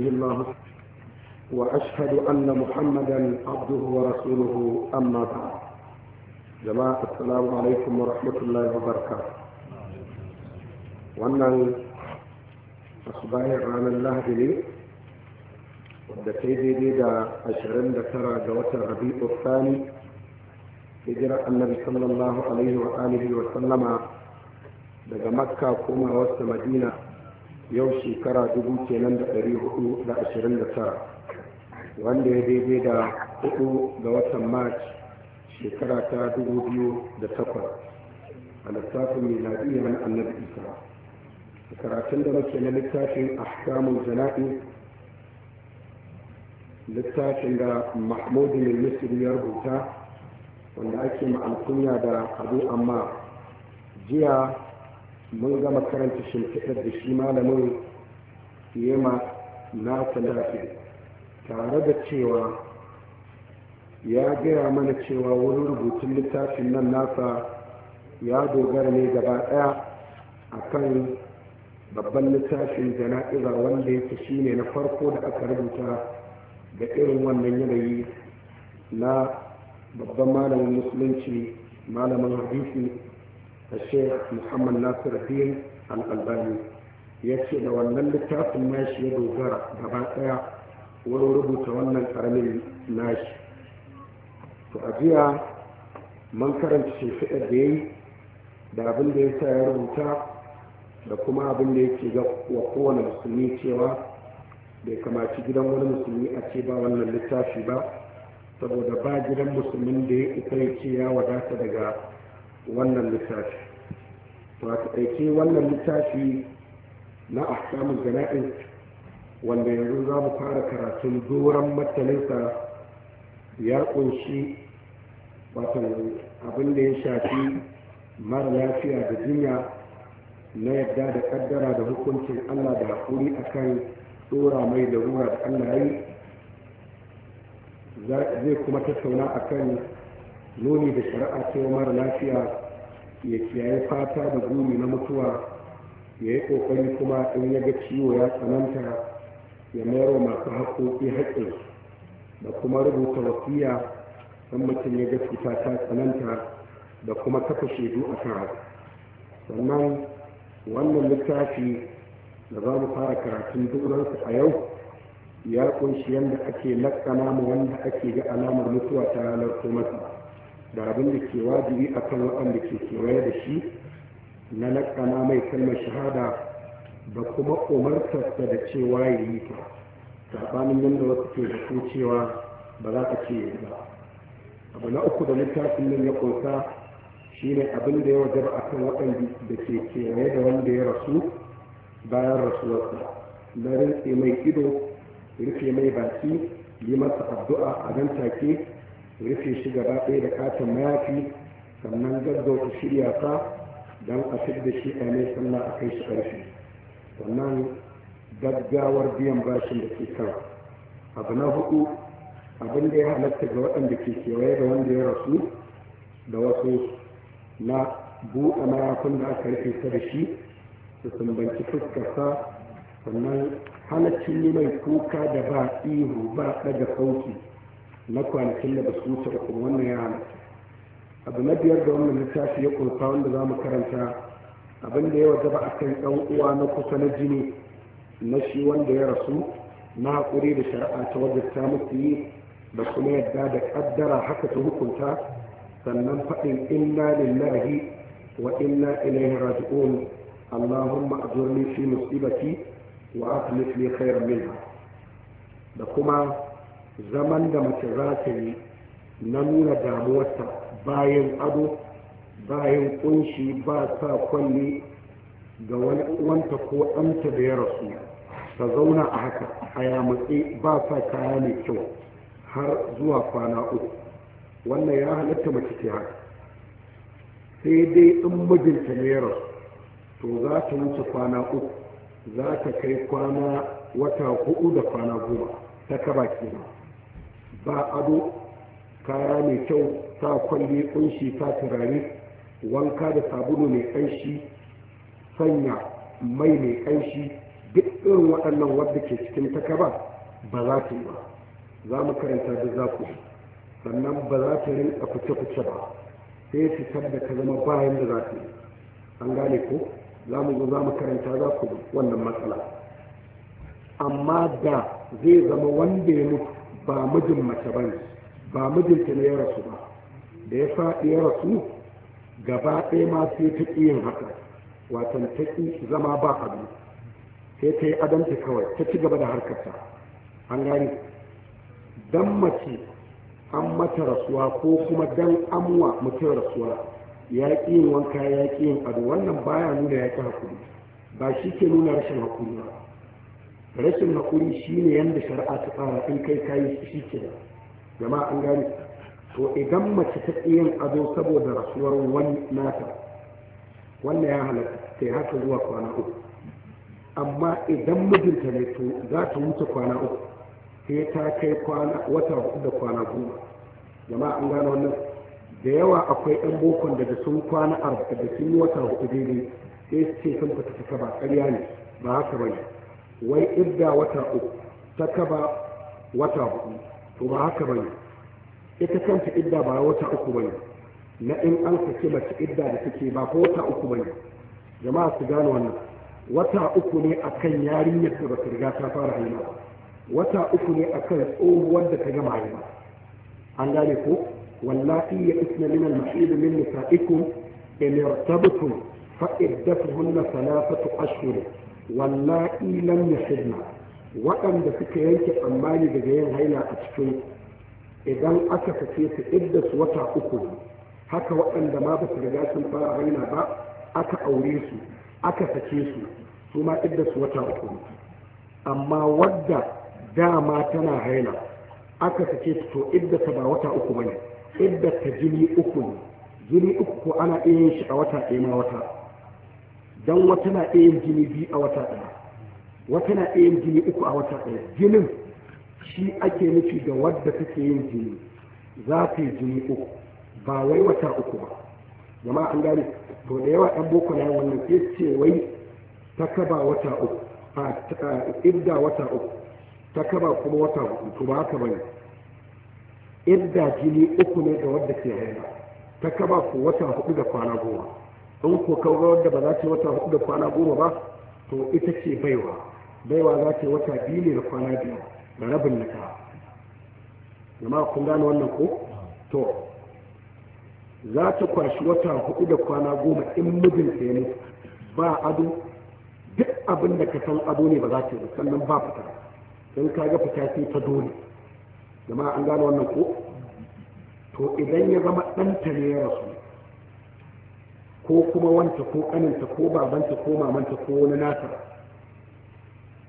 الله وأشهد أن محمدا عبده ورسوله أما بعد جماعة السلام عليكم ورحمة الله وبركاته wannan asibahin ranar lahadi ne wadda ta daidai da tara ga watan rabi'u sani hijirar annabi sallallahu alaihi wa alihi wa sallama daga makka wasu madina yau shekara dubu kenan da hudu da ashirin da tara wanda ya daidai da hudu ga watan march shekara ta dubu biyu da takwas a littafin miladiyya na annabi isa a karatun da muke na littafin ahkamul jana'i littafin da mahmudu mai misiri ya rubuta wanda ake ma'alkunya da abu amma jiya mun gama karanta shimfiɗar da shi malamin yema na talafi tare da cewa ya gaya mana cewa wurin rubutun littafin nan nasa ya dogara ne gaba ɗaya a kan babban littafin jana'iza wanda ya yake shine na farko da aka rubuta da irin wannan yanayi na babban malamin musulunci malamin hadisi الشيخ محمد ناصر الدين الألباني yace da wannan littafin nashi ya dogara gaba daya wurin rubuta wannan karamin nashi to a jiya man karanta shimfiɗar da ya yi da abin da ya sa ya rubuta da kuma abin da yake ga wa kowane musulmi cewa bai kamaci gidan wani musulmi a ce ba wannan littafi ba saboda ba gidan musulmin da ya ita ya ce ya wadata daga wannan littafi to a taƙaice wannan littafi na ahkamul jana'in wanda yanzu za mu fara karatun doron martaninsa ya ƙunshi wato abin da ya shafi mara lafiya da jinya na yadda da kaddara da hukuncin allah da haƙuri akan tsora mai da da allah zai kuma tattauna akan nuni da shari'a cewa mara lafiya ya kiyaye fata da gumi na mutuwa ya yi ƙoƙari kuma in ya ga ciwo ya tsananta ya mayar wa masu haƙoƙi haƙƙi da kuma rubuta wasiya don mutum ya ga cuta ta tsananta da kuma kafa shaidu a kan sannan wannan littafi da za mu fara karatun duransu a yau ya kunshi yadda ake lakana ma wanda ake ga alamar mutuwa ta halarta masa da abin da ke wajibi a kan waɗanda ke kewaye da shi na laƙana mai kalmar shahada da kuma umartarsa da cewa ya yi ta saɓanin yadda wasu ke da cewa ba za ka ce ba abu na uku da littafin nan ya ƙunsa shine abin da ya wajaba a kan waɗanda da ke kewaye da wanda ya rasu bayan rasuwarsa na rinse mai ido rufe mai baki yi masa addu'a a nan take rufe shi gaba ɗaya da katon mayafi sannan gaggauta shirya sa don a fi da shi a mai sallah a kai shi ƙarfi sannan gaggawar biyan bashin da ke kawo abu na hudu abin da ya halatta ga waɗanda ke kewaye da wanda ya rasu da wasu na buɗe mayafin da aka rufe ta da shi su sumbanci fuskarsa sannan halaccin yi mai kuka da ba ihu ba ɗaga sauki na kwanakin da ba su wuce ba kuma wannan ya halatta abu na biyar da wannan littafi ya kunsa wanda za mu karanta abin da ya wajaba a kan ɗan uwa na kusa na jini na shi wanda ya rasu na haƙuri da shari'a ta wajabta musu yi da kuma yadda da ƙaddara haka ta hukunta sannan faɗin inna lillahi wa inna ilaihi raji'un allahumma ajurni fi musibati wa aslih li khayran minha da kuma zaman da mace za ta yi na nuna damuwarta bayan ado bayan kunshi ba sa kwalli ga wani wanta ko ɗanta da ya rasu ta zauna a haka a yamutse ba sa kaya mai kyau har zuwa kwana uku wannan ya halatta mace ke haka sai dai in mijinta ne ya rasu to za ta wuce kwana uku za ta kai kwana wata hudu da kwana goma ta kaba kenan ba ado kaya mai kyau ta kwalle kunshi ta turare wanka da sabulu mai kanshi sanya mai mai kanshi duk irin waɗannan wadda ke cikin taka ba ba za ta yi ba za mu karanta da za ku sannan ba za ta a kuce-kuce ba sai fitar da ka zama bayan da za ta yi an gane ko za mu zo za mu karanta za ku wannan matsala amma da zai zama wanda ya mutu ba mijin mace ba ne ba mijinta ne ya rasu ba da ya faɗi ya rasu gaba ɗaya ma sai ta ƙi yin haka watan ta ƙi zama ba abu sai ta yi adamta kawai ta ci gaba da harkarta an gani dan mace an mata rasuwa ko kuma dan amwa mutum rasuwa ya ƙi yin wanka ya ƙi yin ado wannan baya nuna ya ƙi hakuri ba shi ke nuna rashin hakuri ba rashin hakuri shi ne yadda shari'a ta fara in kai kayi shi ke da jama'a an gani to idan mace ta yin ado saboda rasuwar wani nata wannan ya halatta ta haka zuwa kwana uku amma idan mijinta ne to za ta wuce kwana uku sai ta kai kwana wata hudu da kwana goma jama'a an gano wannan da yawa akwai yan bokon daga sun kwana arba'in da sun yi wata hudu daidai sai su ce sun fita ba ƙarya ne ba haka ba ne wai idda wata uku ta kaba wata hudu to ba haka ba ne ita kanta idda ba wata uku ba ne na in an saki mace idda da take ba ko wata uku ba ne jama'a su gano wannan wata uku ne akan yarinyar da ba riga ta fara haila wata uku ne akan tsohuwar da ta gama haila an gane ko wallahi ya isna min al-mahid min nisa'ikum in irtabtum fa iddatuhunna thalathatu ashhur wallahi lam yahidna waɗanda suka yanke tsammani daga yin haila a cikin idan aka sake su idda su wata uku haka waɗanda ma ba su riga sun fara haila ba aka aure su aka sake su su ma idda su wata uku amma wadda dama tana haila aka sake su to idda ta ba wata uku bane idda ta jini uku ne jini uku ko ana iya yin shi a wata ɗaya ma wata don wata na iya jini biyu a wata ɗaya wata na iya jini uku a wata ɗaya jinin shi ake nufi da wadda take yin jini za ta yi jini uku ba wai wata uku ba jama'a an gane to da yawa ɗan boko na wannan ke ce wai ta kaba wata uku a idda wata uku ta kaba kuma wata uku to ba haka bane idda jini uku ne ga wadda ke haila ta kaba ku wata hudu da kwana goma in ko kawo wadda ba za ta yi wata hudu da kwana goma ba to ita ce baiwa baiwa za ta yi wata biyu ne da kwana biyu da rabin nika jama'a kun gane wannan ko to za ta kwashi wata hudu da kwana goma in mijinta ya yi ba ado duk abin da ka san ado ne ba za ta yi sannan ba fita in ka ga fita sai ta dole jama'a an gane wannan ko to idan ya zama ɗanta ne ya rasu ko kuma wanta ko kaninta ko babanta ko mamanta ko wani nasa.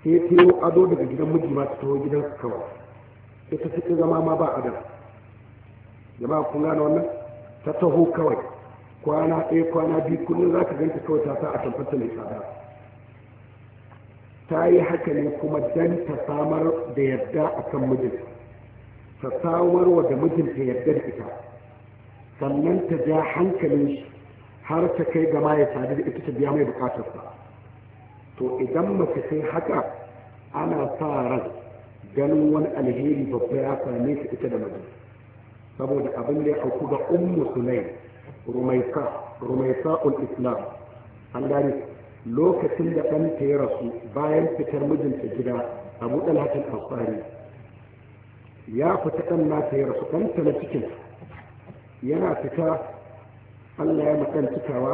sai ta yi ado daga gidan miji ma ta taho gidan su kawai sai ta fi zama ma ba adam jama'a kun gane wannan ta taho kawai kwana ɗaya kwana biyu kullum za ka ganta kawai ta sa a tamfanta mai tsada ta yi haka ne kuma dan ta samar da yadda a kan mijin ta samarwa da mijinta yadda da ita sannan ta ja hankalin shi har ta kai gama ya sadu da ita ta biya mai bukatarsa to idan mace sai haka ana sa ran ganin wani alheri babba ya same ta ita da maji saboda abin da ya auku ga ummu sunai rumaisa rumaisa ul islam an gane lokacin da ɗanta ya rasu bayan fitar mijinta gida a abu ɗalhatin alfari ya fita ɗan ta ya rasu ɗanta na cikin yana fita Allah ya makan cikawa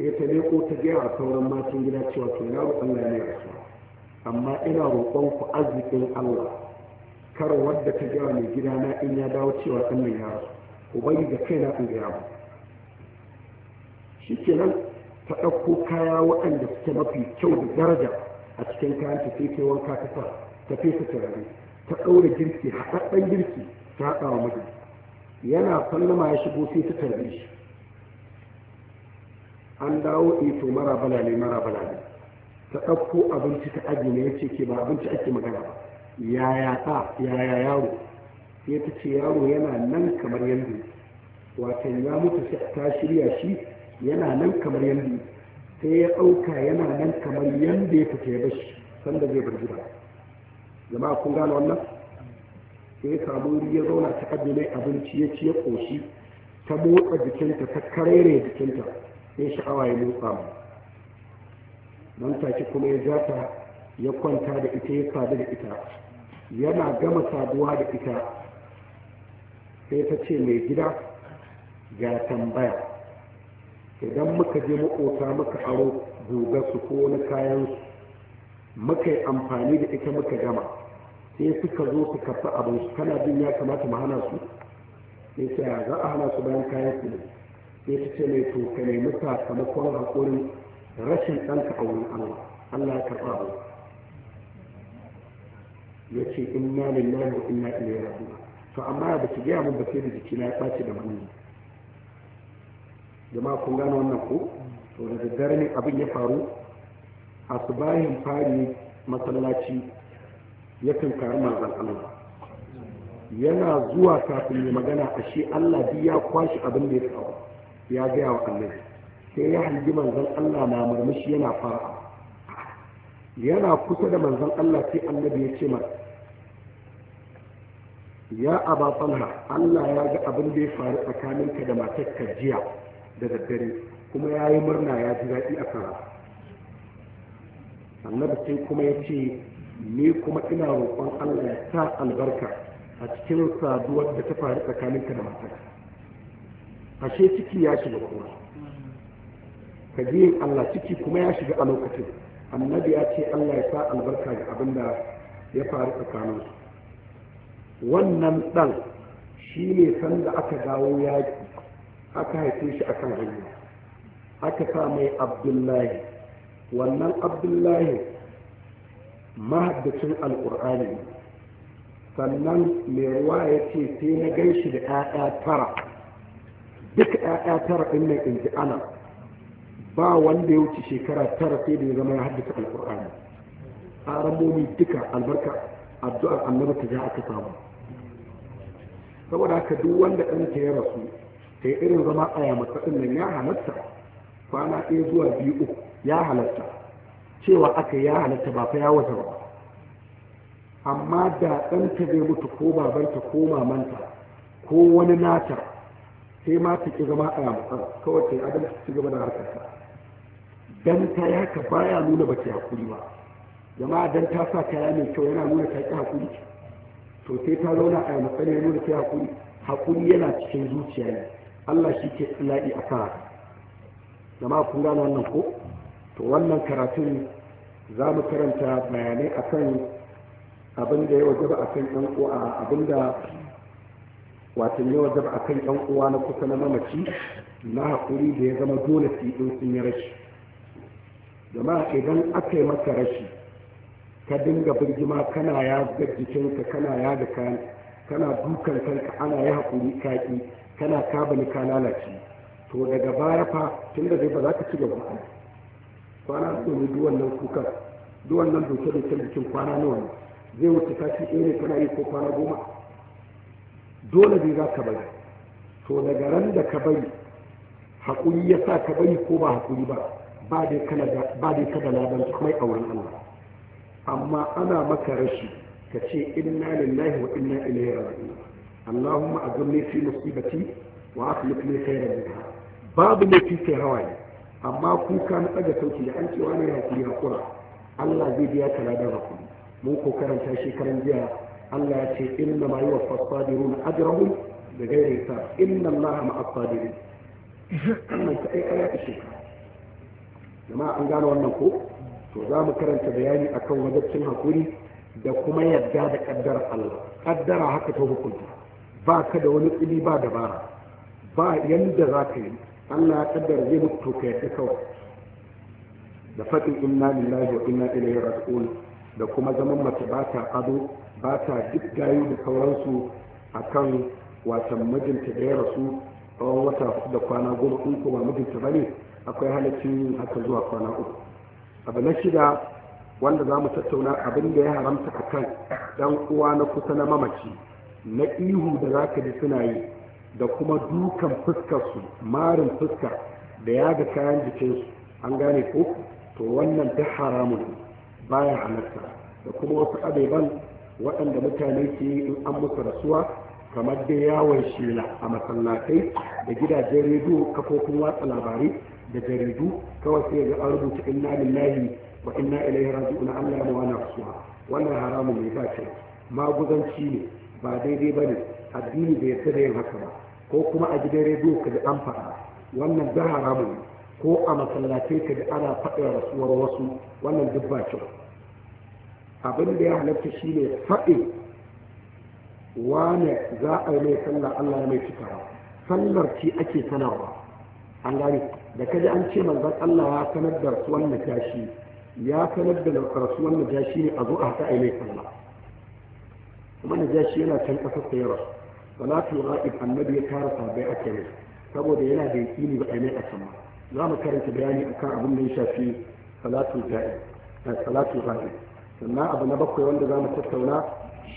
ya ta leko ta gaya a sauran matan gida cewa to Allah ya rasuwa amma ina roƙon ku arzikin Allah kar wadda ta gaya mai gida na in ya dawo cewa ɗan ya rasu bari da kaina in gaya mu shikenan ta ɗauko kaya waɗanda suke mafi kyau da daraja a cikin kayan ta sai wanka ta sa ta fesa turare ta ɗaure girki haɗaɗɗen girki ta haɗa wa yana sallama ya shigo sai ta tarbe shi an dawo ito eh mara ne, mara ne. ta ɗauko abinci ta ajiye ya ce ke ba abinci ake magana ba yaya ta yaya yaro sai ta ce yaro yana nan kamar yanzu wato ya mutu ta shirya shi yana nan kamar yanzu sai ya ɗauka yana nan kamar yanda ya fita ya bashi sanda zai bar gida jama'a kun gane wannan sai ya samu ya zauna ta ajiye abinci ya ci ya ƙoshi ta motsa jikinta ta karere jikinta sai sha'awa ya motsa mu nan take kuma ya jata ya kwanta da ita ya sadu da ita yana gama saduwa da ita sai ta ce mai gida ga tambaya idan muka je makota muka aro su ko wani kayan su muka yi amfani da ita muka gama sai suka zo su kafa abin su kana jin ya kamata mu hana su sai sai za a hana su bayan kayan su ne sai ta ce mai to ka nemi sakamakon haƙurin rashin ɗanka a wurin Allah Allah ya karɓa abu ya ce inna lillahi wa inna ilaihi raji'un to amma ba ki gaya min ba sai da jiki na ya ɓaci da mani jama'a kun gane wannan ko to da daddare ne abin ya faru a su bayan fari masallaci ya karu manzan Allah yana zuwa kafin ya magana a shi Allah biya kwashi abin da ya faru ya gaya wa annabi sai ya halgi manzon Allah na murmushi yana fara yana kusa da manzon Allah sai annabi ya ce masa ya aba Allah ya ga abin da ya faru tsakaninka da matarka jiya da daddare kuma ya yi murna ya ji daɗi a kan annabi sai kuma ya ce ni kuma ina roƙon Allah ya sa albarka a cikin saduwar da ta faru tsakaninka da matarka ashe ciki ya shiga kuma ka je Allah ciki kuma ya shiga a lokacin annabi ya ce Allah ya sa albarka ga abin da ya faru tsakanin wannan dan shi ne sanda aka dawo yaƙi aka haife shi akan hanya aka sa mai abdullahi wannan abdullahi mahaddacin alƙur'ani sannan mai ruwa ya ce sai na gan shi da 'ya'ya tara duka 'ya'ya tara ɗin nan in ji ana ba wanda ya wuce shekara tara sai da ya zama ya haddasa alƙur'ani ramomi duka albarka addu'ar annabi ta ja aka samu saboda haka duk wanda ɗanta ya rasu ta irin zama a yamata ɗin nan ya halatta kwana ɗaya zuwa biyu uku ya halatta cewa aka ya halatta ba fa ya wata ba amma da ɗanta zai mutu ko babanta ko mamanta ko wani nata sai ma ta ki zama a kawai ta yi adalci ci gaba da harkarsa dan ta yi haka baya nuna bata hakuri ba jama'a dan ta sa kaya mai kyau yana nuna ta ki hakuri to sai ta zauna a yamutsar ya nuna ta yi hakuri hakuri yana cikin zuciya ne Allah shi ke ila'i a kan haka jama'a kun gane wannan ko to wannan karatun za mu karanta bayanai akan abin da ya wajaba akan ɗan ko abin da wato ya wajaba a kan ɗan uwa na kusa na mamaci na haƙuri da ya zama dole su in sun yi rashi jama'a idan aka yi maka rashi ka dinga birgima kana ya ga ka kana ya da kayan kana dukan kanka ana ya haƙuri kaƙi kana kabali ka lalace to daga baya fa tun da zai ba za ka ci gaba kwana su ne duwan nan kuka duwan nan doke-doke bikin kwana nawa ne zai wuce kashi ɗaya ne kana yi ko kwana goma dole ne za ka bari to daga ran da ka bari haƙuri ya sa ka bari ko ba haƙuri ba ba dai ka da ladan kuma a wurin Allah amma ana maka rashi ka ce inna lillahi wa inna ilaihi raji'un Allahumma ajirni fi musibati wa akhlif li khayran minha babu ne fi kai hawaye amma kuka na daga sauki da an cewa ne hakuri hakura Allah zai biya ka ladan hakuri mun ko karanta shekaran jiya Allah ya ce inna ma yuwaffa as-sabirun da gairi ta inna Allah ma as-sabirin ta kai aya ishe jama'a an gano wannan ko to za mu karanta bayani akan wajabcin hakuri da kuma yadda da kaddara Allah kaddara haka ta hukunta ba ka da wani tsili ba dabara ba yanda za ka yi Allah ya kaddara zai mutu ka yadda kawai da faɗin inna lillahi wa inna ilaihi raji'un da kuma zaman mace ba ta ado ba ta duk gayu da sauransu a kan watan mijinta da ya rasu tsawon wata da kwana goma in ko ba mijinta ba ne akwai halaccin yin haka zuwa kwana uku abu na shida wanda za mu tattauna abin da ya haramta a kan ɗan uwa na kusa na mamaci na ihu da za ka ji suna yi da kuma dukan fuskarsu marin fuska da ya ga kayan jikinsu an gane ko to wannan duk haramun baya halarta da kuma wasu abeban waɗanda mutane ke yi in an musu rasuwa kamar da yawon shela a masallatai da gidajen rediyo kafofin watsa labarai da jaridu kawai sai ga an rubuta inna lillahi wa inna ilaihi raji'un Allah ne wani rasuwa wannan haramun ne ba ce maguzanci ne ba daidai ba ne addini da yarda da yin haka ba ko kuma a gidan rediyo ka da an faɗa wannan da haramun ko a masallatai ka da ana faɗa rasuwar wasu wannan duk ba kyau abin da ya halatta shi ne faɗi wane za a yi mai sallar Allah ya mai cikawa sallar ci ake sanarwa an gani da kaji an ce manzon Allah ya sanar da rasuwan najashi ya sanar da rasuwan najashi ne a zo a haɗa mai sallah kuma najashi yana can ƙasar da yara salatu ra'ib annabi ya tara sabai ake mai saboda yana da yaƙini ba a yi mai a sama za mu karanta bayani akan abin da ya shafi salatu ra'ib sannan abu na bakwai wanda za mu tattauna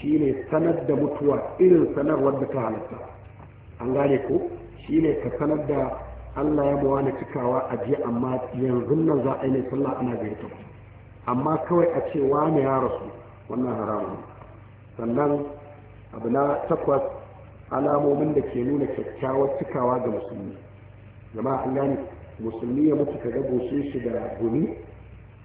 shine sanar da mutuwa irin sanarwar da ta halatta an gane ko ne ka sanar da Allah ya bawa na cikawa a jiya amma yanzu nan za a yi sallah ana gaita amma kawai a ce wani ya rasu wannan haramun sannan abu na takwas alamomin da ke nuna kyakkyawar cikawa ga musulmi jama'a an gane musulmi ya mutu ka ga shi da gumi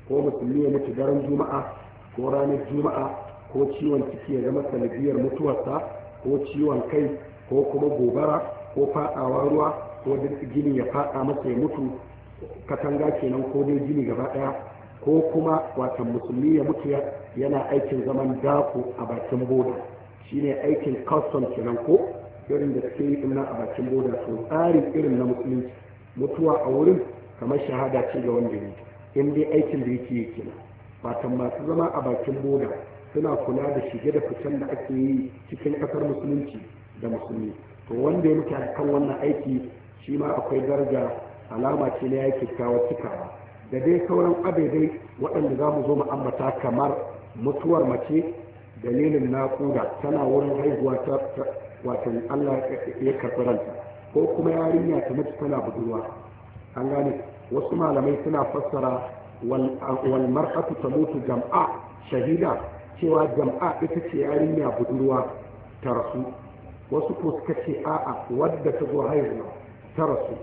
ko musulmi ya mutu daren juma'a ko ranar juma'a ko ciwon ciki ya zama sanadiyar mutuwarsa ko ciwon kai ko kuma gobara ko fadawa ruwa ko gini ya fada masa ya mutu katanga kenan ko dai gini gaba daya ko kuma watan musulmi ya mutu yana aikin zaman dako a bakin boda shine aikin custom kenan ko irin da suke yi a bakin boda to tsari irin na musulunci mutuwa a wurin kamar shahada ce ga wanda ya in dai aikin da yake yi kenan fatan masu zama a bakin boda suna kula da shige da ficen da ake yi cikin ƙasar musulunci da musulmi to wanda ya mutu kan wannan aiki shi ma akwai daraja alama ce na yake kawo cikawa da dai sauran abaidai waɗanda za mu zo mu ambata kamar mutuwar mace dalilin naƙuda tana wurin haihuwa ta wato allah ya karɓi ko kuma yarinya ta mutu tana budurwa an gane wasu malamai suna fassara Walmar mar'atu tamutu jam'a shahida cewa jam'a ita ce yarinya budurwa ta rasu wasu ko suka ce a'a wadda ta zo haihuwa ta rasu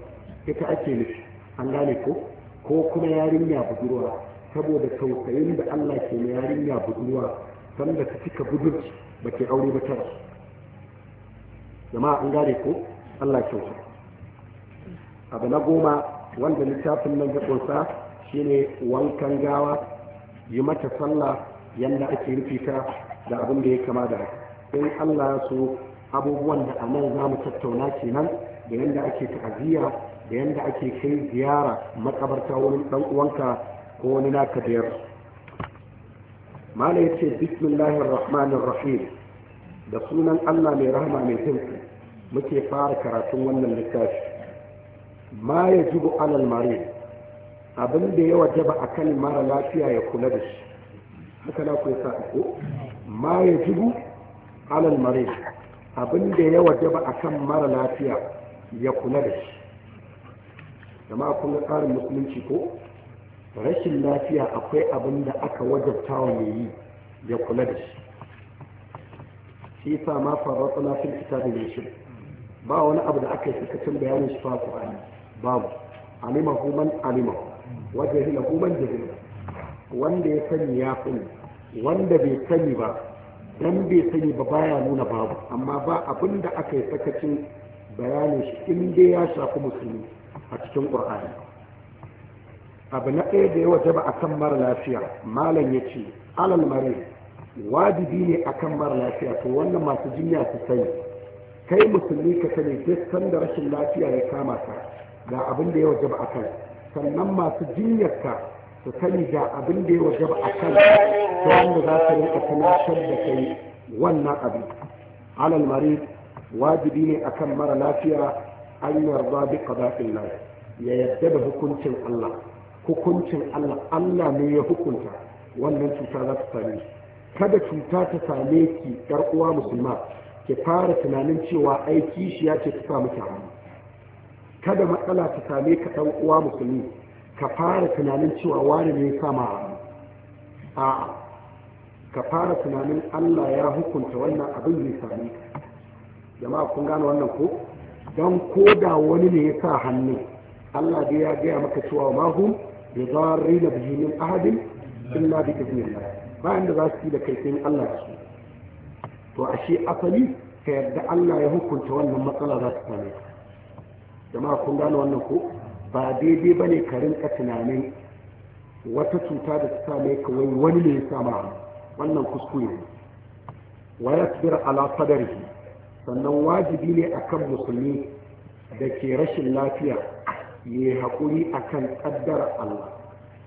ita ake nufi an gane ko ko kuma yarinya budurwa saboda tausayin da Allah ke na yarinya budurwa sanda ta cika budurci ba ke aure ba ta rasu jama'a an gane ko Allah kyauta abu na goma wanda littafin nan ya ƙunsa shine wankan gawa yi mata sallah yadda ake rufi ta da abin da ya kama da in Allah ya so abubuwan da a nan za mu tattauna kenan da yadda ake ta'aziyya da yadda ake kai ziyara makabarta wani dan uwanka ko wani naka da yar mala yace bismillahir rahmanir rahim da sunan Allah mai rahama mai tausayi muke fara karatun wannan littafi ma yajibu alal marid abin da ya waje ba a kan mara lafiya ya kula da shi haka na kuwa sa'iko ma ya jibu alal mare abin da ya waje ba a kan mara lafiya ya kula da shi Da kun ga tsarin musulunci ko rashin lafiya akwai abin da aka wajabta wa mai yi ya kula da shi shi sa ma farrata na fil da yashir ba wani abu da aka yi sakacin bayanin shi fa babu alimahu man alimahu waje hila kuman jahila wanda ya sani ya sani wanda bai sani ba dan bai sani ba baya nuna babu amma ba abin da aka yi sakacin bayanin shi in dai ya shafi musulmi a cikin ƙur'ani. abu na ɗaya da ya a akan mara lafiya malam ya ce alal mare wajibi ne akan mara lafiya to wannan masu jinya su sani kai musulmi ka sani duk sanda rashin lafiya ya kama ka ga abin da ya a akan sannan masu jinyarka su sani ga abin da ya wajaba a kan ta wanda za su rinka tunatar da kai wannan abin alal mari wajibi ne akan mara lafiya an yarda bi qada'in lahi ya yadda da hukuncin Allah hukuncin Allah Allah ne ya hukunta wannan cuta za ta same kada cuta ta same ki yar uwa musulma ki fara tunanin cewa shi ya ce ta samu ki kada matsala ta same ka ɗan uwa musulmi ka fara tunanin cewa wani ne ya sama a ka fara tunanin Allah ya hukunta wannan abin ne same ka jama'a kun gane wannan ko don ko da wani ne ya sa hannu Allah dai ya gaya maka cewa ma hum bi dharrina bihi min ahadin illa bi yana bayan da za su yi da kai sai Allah ya so to ashe asali ka yarda Allah ya hukunta wannan matsala za ta same ka jama'a kun gano wannan ko ba daidai ba ne ka rinka tunanin wata cuta da ta same ka wai wani ne ya sama wannan kuskure ne wa yasbir ala sadarihi sannan wajibi ne akan musulmi da ke rashin lafiya ya haƙuri akan ƙaddara Allah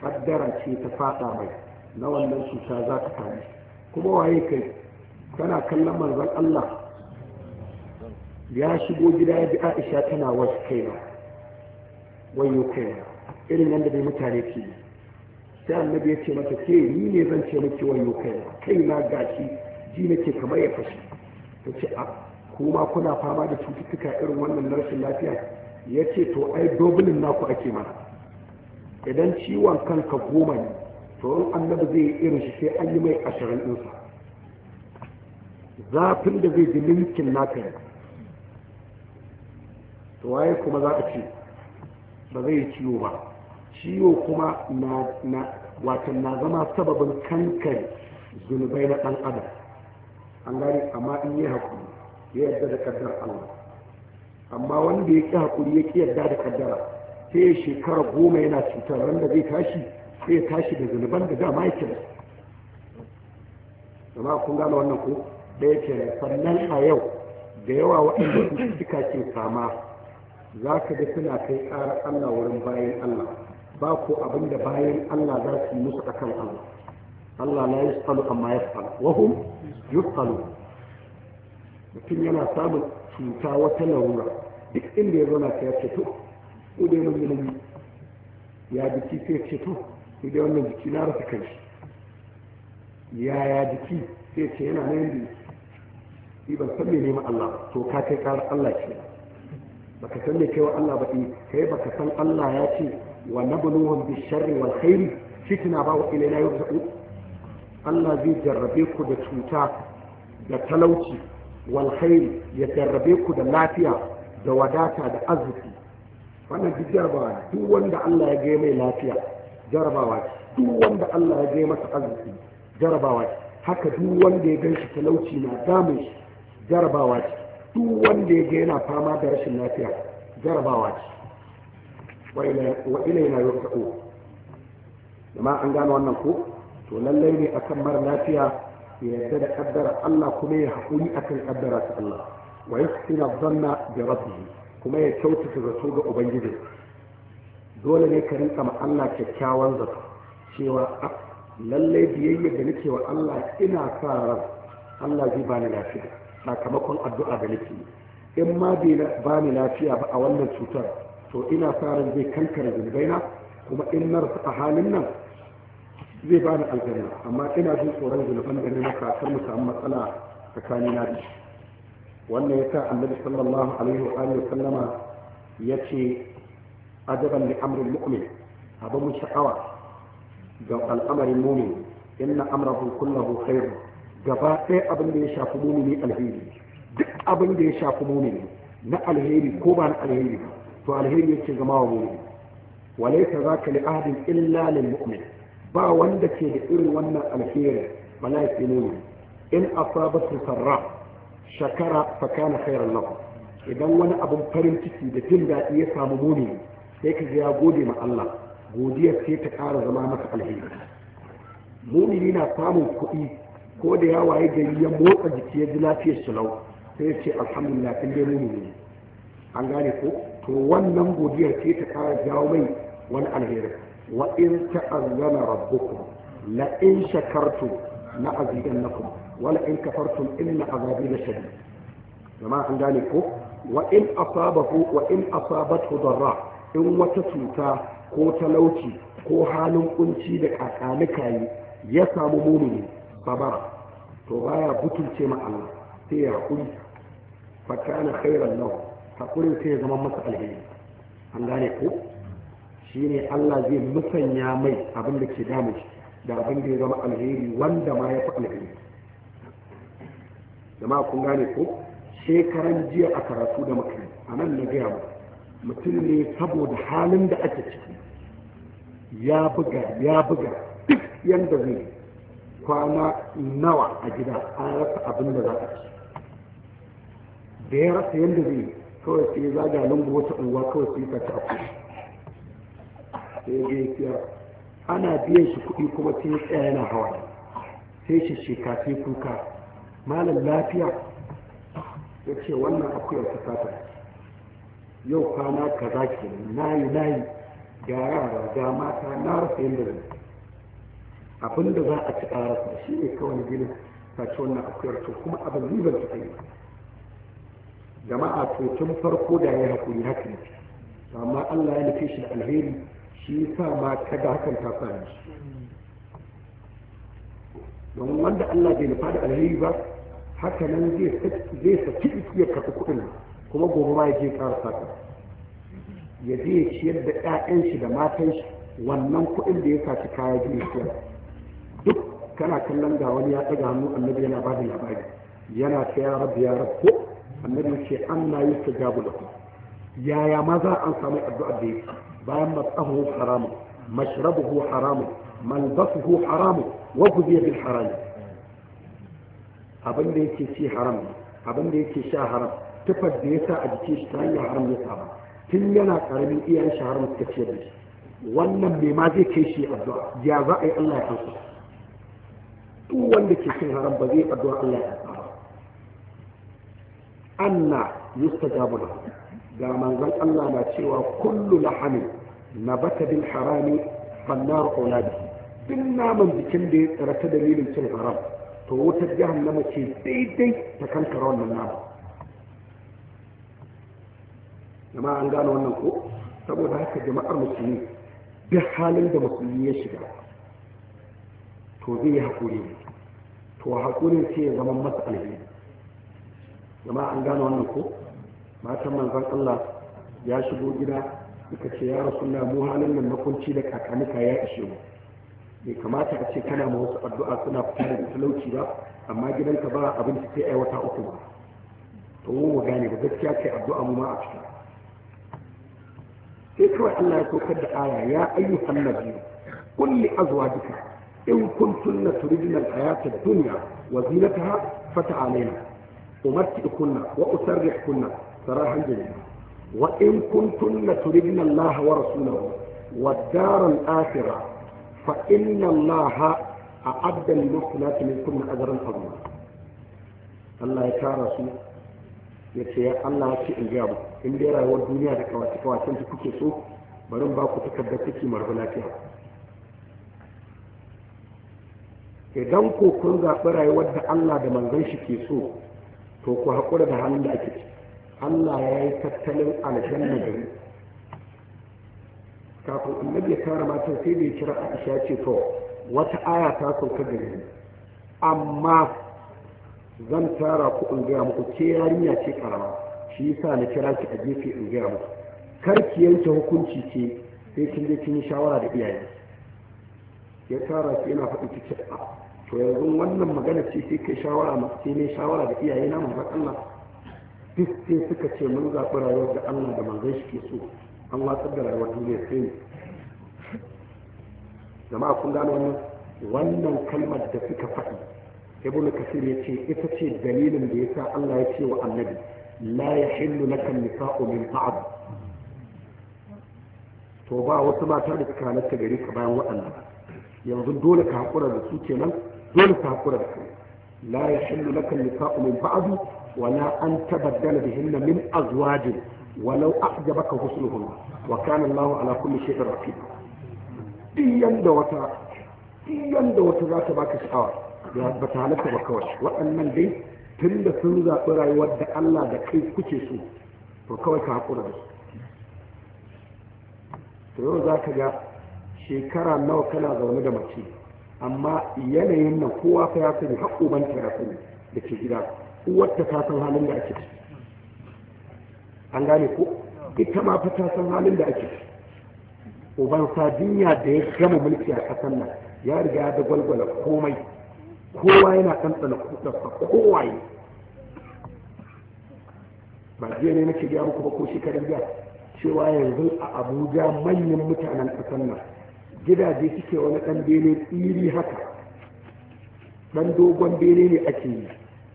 ƙaddara ce ta faɗa mai na wannan cuta za ta kuma waye kai kana kallon manzon Allah ya shigo gida ya bi aisha tana wasu kaina wayo kaiwa irin yadda dai mutane ke yi sai annabi ya ce mata ke ni ne zan ce miki wayo Kai na gashi ji nake kamar ya fashi ta ce a kuma kuna fama da cututtuka irin wannan na rashin lafiya ya ce to ai dobulin naku ake mana idan ciwon kanka goma ne to in annabi zai yi irin shi sai an yi mai ashirin ɗinsa zafin da zai ji ninkin naka to waye kuma za a ce ba zai ciwo ba ciwo kuma na wato na zama sababin kankan zunubai na dan adam an gani amma in yi hakuri ya yarda da kaddar allah amma wanda ya ƙi hakuri ya ƙi yarda da kaddara sai ya shekara goma yana cutar ran da zai tashi sai ya tashi da zunuban da dama yake da amma kun gane wannan ko da yake sannan a yau da yawa waɗanda suka ke fama za ka ga suna kai ƙarar Allah wurin bayan Allah ba ko abin da bayan Allah za su yi musu kan Allah Allah na yi tsalu amma tsalu wahum yi tsalu mutum yana samun cuta wata larura duk inda ya zauna ka ya ce to ko da yawan ya jiki sai ce to ko da wannan jiki na rasa kai yaya jiki sai ce yana nan jiki. ban san me nema Allah to ka kai ƙarar Allah kenan baka san me kaiwa Allah ba eh, kai baka san Allah ya ce wa nabluhum bisharri wal khairi fitna ba wa ilayna yurja'u Allah zai jarrabe ku da cuta da talauci wal ya jarrabe ku da lafiya da wadata da aziki. wannan duk jarabawa duk wanda Allah ya gaya mai lafiya jarabawa duk wanda Allah ya gaya masa arziki jarabawa haka duk wanda ya ganshi talauci na damun shi jarabawa ce duk wanda yake yana fama da rashin lafiya jarabawa ce wa ilaina yurta'u amma an gano wannan ko to lallai ne akan mara lafiya ya yarda da kaddara Allah kuma ya haƙuri akan kaddara ta Allah wa yasina dhanna bi rabbih kuma ya kyautata zato ga ubangiji dole ne ka rinka ma Allah kyakkyawan zato cewa ah, lallai biyayya da nake wa Allah ina sa ran Allah zai bani lafiya sakamakon addu'a da nake in ma ba ni lafiya ba a wannan cutar to ina sa ran zai kankare zunubaina kuma in na rasu a halin nan zai ba ni aljanna amma ina jin tsoron zunuban da na kar mu samu matsala tsakanin na da wannan yasa annabi sallallahu alaihi wa alihi sallama ce ajaban li amrul mu'min abu mun sha'awa ga al'amarin mu'min inna amrahu kullahu khairun gaba ɗaya abin da ya shafi mumini alheri duk abin da ya shafi mumini na alheri ko ba na alheri ba to alheri yake zama wa mumini walaysa za li ahadin illa lil mu'min ba wanda ke da irin wannan alheri bala sai in asabatu sarra shakara fa kana khairan lahu idan wani abin farin ciki da jin daɗi ya samu mumini sai ka ga ya gode ma Allah godiyar sai ta ƙara zama masa alheri mumini na samun kuɗi ko da ya waye gari ya motsa jiki ya ji lafiyar shalau sai ya ce alhamdulillah in dai mumini ne an gane ko to wannan godiyar ce ta kara jawo mai wani alheri wa in ta'azzana rabbukum la in shakartu na azidannakum wa la in kafartum inna azabi la shadid jama'a an gane ko wa in asabahu wa in asabathu darra in wata cuta ko talauci ko halin kunci da yi ya samu mumini sabara to baya butulce ma Allah sai ya hakuri fa kana khairan lahu hakuri sai ya zama masa alheri an gane ko shine Allah zai musanya mai abin da ke damu da abin da ya zama alheri wanda ma ya fi alheri jama'a kun gane ko shekaran jiya a karatu da muka a nan na gaya mutum ne saboda halin da ake ciki ya buga ya buga duk yanda zai kwana nawa a gida an rasa abin da za a ci da ya rasa yadda zai kawai sai za ga lungu wata unguwa kawai sai ka ta kuɗi sai ya siya ana biyan shi kuɗi kuma sai ya tsaya yana hawa sai shi sheka sai kuka malam lafiya ya ce wannan akwai ta fata yau kwana kaza ke nayi nayi ga yara ga mata na rasa yadda zai abin da za a ci a da shi ne kawai ginin ta ci wannan akuyar to kuma abin ribar ta yi jama'a to tun farko da ya haƙuri haka ne amma Allah ya nufi shi da alheri shi sa ma ta da hakan ta sa shi don wanda Allah bai nufa da alheri ba haka nan zai saki ikiyar karɓi kuɗin kuma gobe ma ya je ƙara saka ya je ciyar da 'ya'yan shi da matan shi wannan kuɗin da ya saci kaya biyu ciyar duk kana kallon ga wani ya ɗaga hannu annabi yana ba da labari yana ta ya rabu ya rabu ko annabi ce an na yi ta gabu da ku yaya ma za an samu addu'a da yake bayan matsahu haramun mashrabuhu haramun malbasuhu haramun wa guziya bil haram abin da yake ci haram abin da yake sha haram tufar da ya sa a jikin shi ta hanyar haram ya saba tun yana karamin iyayen shi haram suka ciyar da shi wannan mai ma zai kai shi addu'a ya za a yi Allah ya kansa duk wanda ke cin haram ba zai addu'a Allah ya ba anna yustajabu lahu ga manzon Allah na cewa kullu lahani nabata bil harami fannar auladi duk naman bikin da ya tsara ta dalilin cin haram to wutar jahannama ce daidai ta kankara wannan naman jama'a an gane wannan ko saboda haka jama'ar musulmi duk halin da musulmi ya shiga to zai yi haƙuri to haƙurin sai ya zama masa alheri zama an gano wannan ko matan manzan Allah ya shigo gida suka ce ya rasu na mu halin nan makunci da kakanuka ya ishe mu bai kamata a ce kana ma wasu addu'a suna fita da talauci ba amma gidanka ba abinci sai ai wata uku ba to mu gane ba gaskiya kai addu'a mu ma a cikin sai kawai Allah ya saukar da aya ya ayyuhan nabiyyu kulli azwajika إن كنتن تريدن الحياة الدنيا وزينتها فتعالينا أمتئكن وأسرحكن سراحا جميلا وإن كنتن تريدن الله ورسوله والدار الآخرة فإن الله أعد للمحسنات منكن أجرا عظيما الله يكار رسول ya الله ya Allah إن ce in gaya mu in dai rayuwar duniya da kawace kawacen idan ko kun zaɓi rayuwar da Allah da manzon shi ke so to ku haƙura da hannun da ake ci Allah ya yi tattalin aljanna gari kafin annabi ya tara matan sai da ya kira Aisha ce to wata aya ta sauka gari amma zan tara ku in gaya muku ke yarinya ce karama shi yasa na kira ki a gefe in gaya muku kar ki yanke hukunci ce sai kin je kin yi shawara da iyaye ya tara shi yana faɗi cikin a to yanzu wannan magana ce sai kai shawara ma sai ne shawara da iyaye na manzon Allah duk sai suka ce mun zaɓi rayuwar da Allah da manzon shi ke so an watsar da rayuwar duniya sai ne jama'a kun gano wannan wannan kalmar da suka faɗi ibnu kasir ya ce ita ce dalilin da yasa Allah ya ce wa annabi la yahillu laka nisa'u min ba'd to ba wasu mata da suka halatta gari ka bayan waɗannan yanzu dole ka haƙura da su kenan dole ka haƙura da kai la yahillu laka nikah min ba'du wala an tabaddala bihinna min azwajin walau a'jabaka husnuhunna wa kana Allah ala kulli shay'in raqib diyan da wata diyan da wata za ta baka sha'awa ya ba ta halatta ba kawai waɗannan dai tun da sun zaɓi rayuwar da Allah da kai kuke so to kawai ka haƙura da su to yau za ka ga shekara nawa kana zaune da mace amma yanayin nan kowa fa ya sani har ubanta ya sani da ke gida uwarta ta san halin da ake ciki an gane ko ita ma fa ta san halin da ake ciki uban sadinya da ya gama mulki a ƙasar nan ya riga da dagwalgwala komai kowa yana ɗanɗana kuɗarsa kowaye ba jiya ne nake gaya muku ba ko shekarar jiya cewa yanzu a abuja manyan mutanen ƙasar nan gidaje suke wani ɗan bene tsiri haka ɗan dogon bene ne ake yi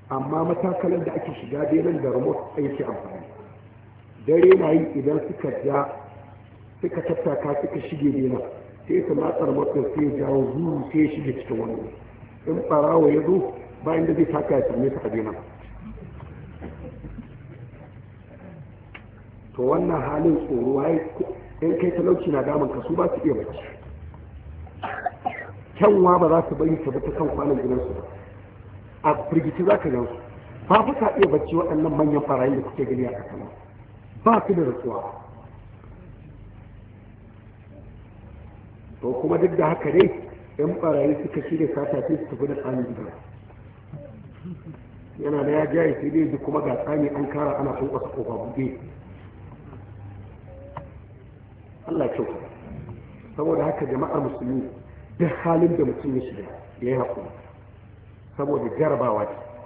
amma matakalar da ake shiga benen da remote aiki amfani dare na yi idan suka ja suka tattaka suka shige benen sai su matsa remote ɗin sai jawo zuru sai shige cikin wani in ɓarawa ya zo bayan da zai taka ya same su a benen to wannan halin tsoro in kai talauci na damun kasu ba su iya bacci kyanwa ba za su bari su bi ta kan kwanan gidansu ba a firgici za ka gansu ba fi ka iya bacci waɗannan manyan farayin da kuke gani a ƙasa ba su da rasuwa to kuma duk da haka dai yan farayi suka shirya sata sai su tafi da tsamin gidan yana da ya jaye sai dai kuma ga tsami an kara ana son wasu kofa buɗe Allah kyau saboda haka jama'ar musulmi duk halin da mutum ya shiga ya yi haƙuri saboda jarabawa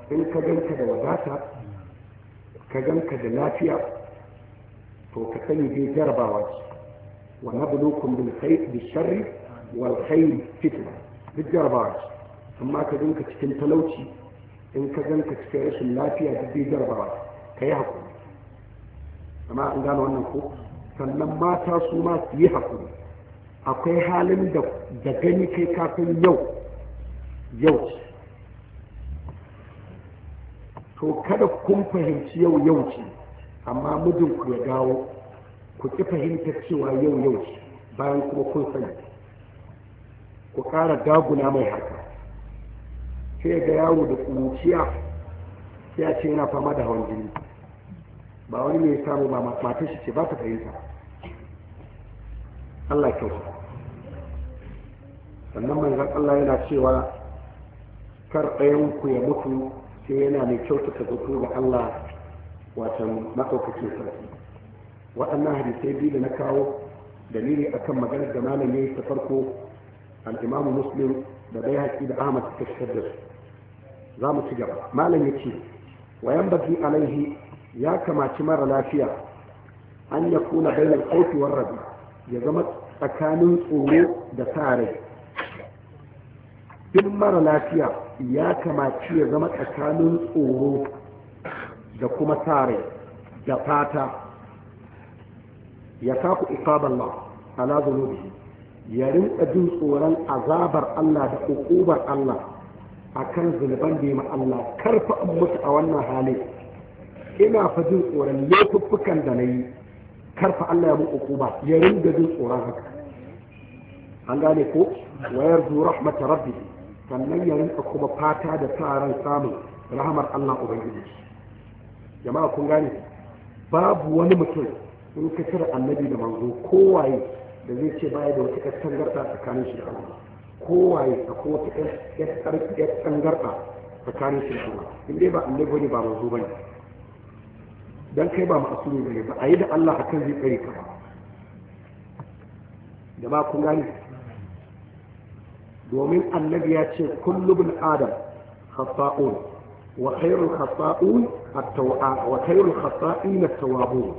ce in ka ganka da wadata ka ganka da lafiya to ka sani dai jarabawa ce wa nablukum bil khair bil sharri wal khair fitna duk jarabawa ce amma ka ganka cikin talauci in ka ganka cikin rashin lafiya duk dai jarabawa ka yi haƙuri amma an gane wannan ko sannan mata su ma su yi haƙuri akwai halin da gani kai kafin yau yau to kada kun fahimci yau yau ce amma mijinku ya dawo ku ki fahimtar cewa yau yau ce bayan kuma kun sani ku ƙara daguna mai haka sai ga yawo da kuciya sai a ce yana fama da hawan jini ba wani mai samu ba matashi ce ba ta fahimta Allah ya sannan manzon Allah yana cewa kar ɗayan ku ya mutu sai yana mai kyautata zuku ga Allah watan maɗaukakin sarki waɗannan hadisai biyu da na kawo dalili akan maganar da malam yi ta farko al'imamu Muslim da haƙi da Ahmad ta shaddar za mu ci gaba malam yace wa baki alaihi ya kamaci mara lafiya an ya kuna bayan war rabi' ya zama tsakanin tsoro da tsare, duk mara lafiya ya kamaci ya zama tsakanin tsoro da kuma tsare da fata ya kafa kafu ikaballah ala zunubi ya rinka jin tsoron azabar Allah da ukubar Allah akan zunuban da ma Allah karfa mutu a wannan hali ina fa jin tsoron laifuffukan da na yi karfa Allah ya muku kuma ya ringa jin tsoron haka an gane ko wayar zu rahmatar rabbi sannan ya rinka kuma fata da sa ran samun rahmar Allah ubangiji jama'a kun gane babu wani mutum in ka cire annabi da manzo kowaye da zai ce baya da wata ƴar tangarɗa tsakanin shi da Allah kowaye akwai wata ƴar tangarɗa tsakanin shi da Allah in dai ba annabi ne ba manzo bane dan kai ba masu ne ba a yi da Allah akan zai tsare ka da ba kun gani domin annabi ya ce kullubul adam khata'un wa khairul khata'un at-tawa'a wa khairul khata'in at-tawabun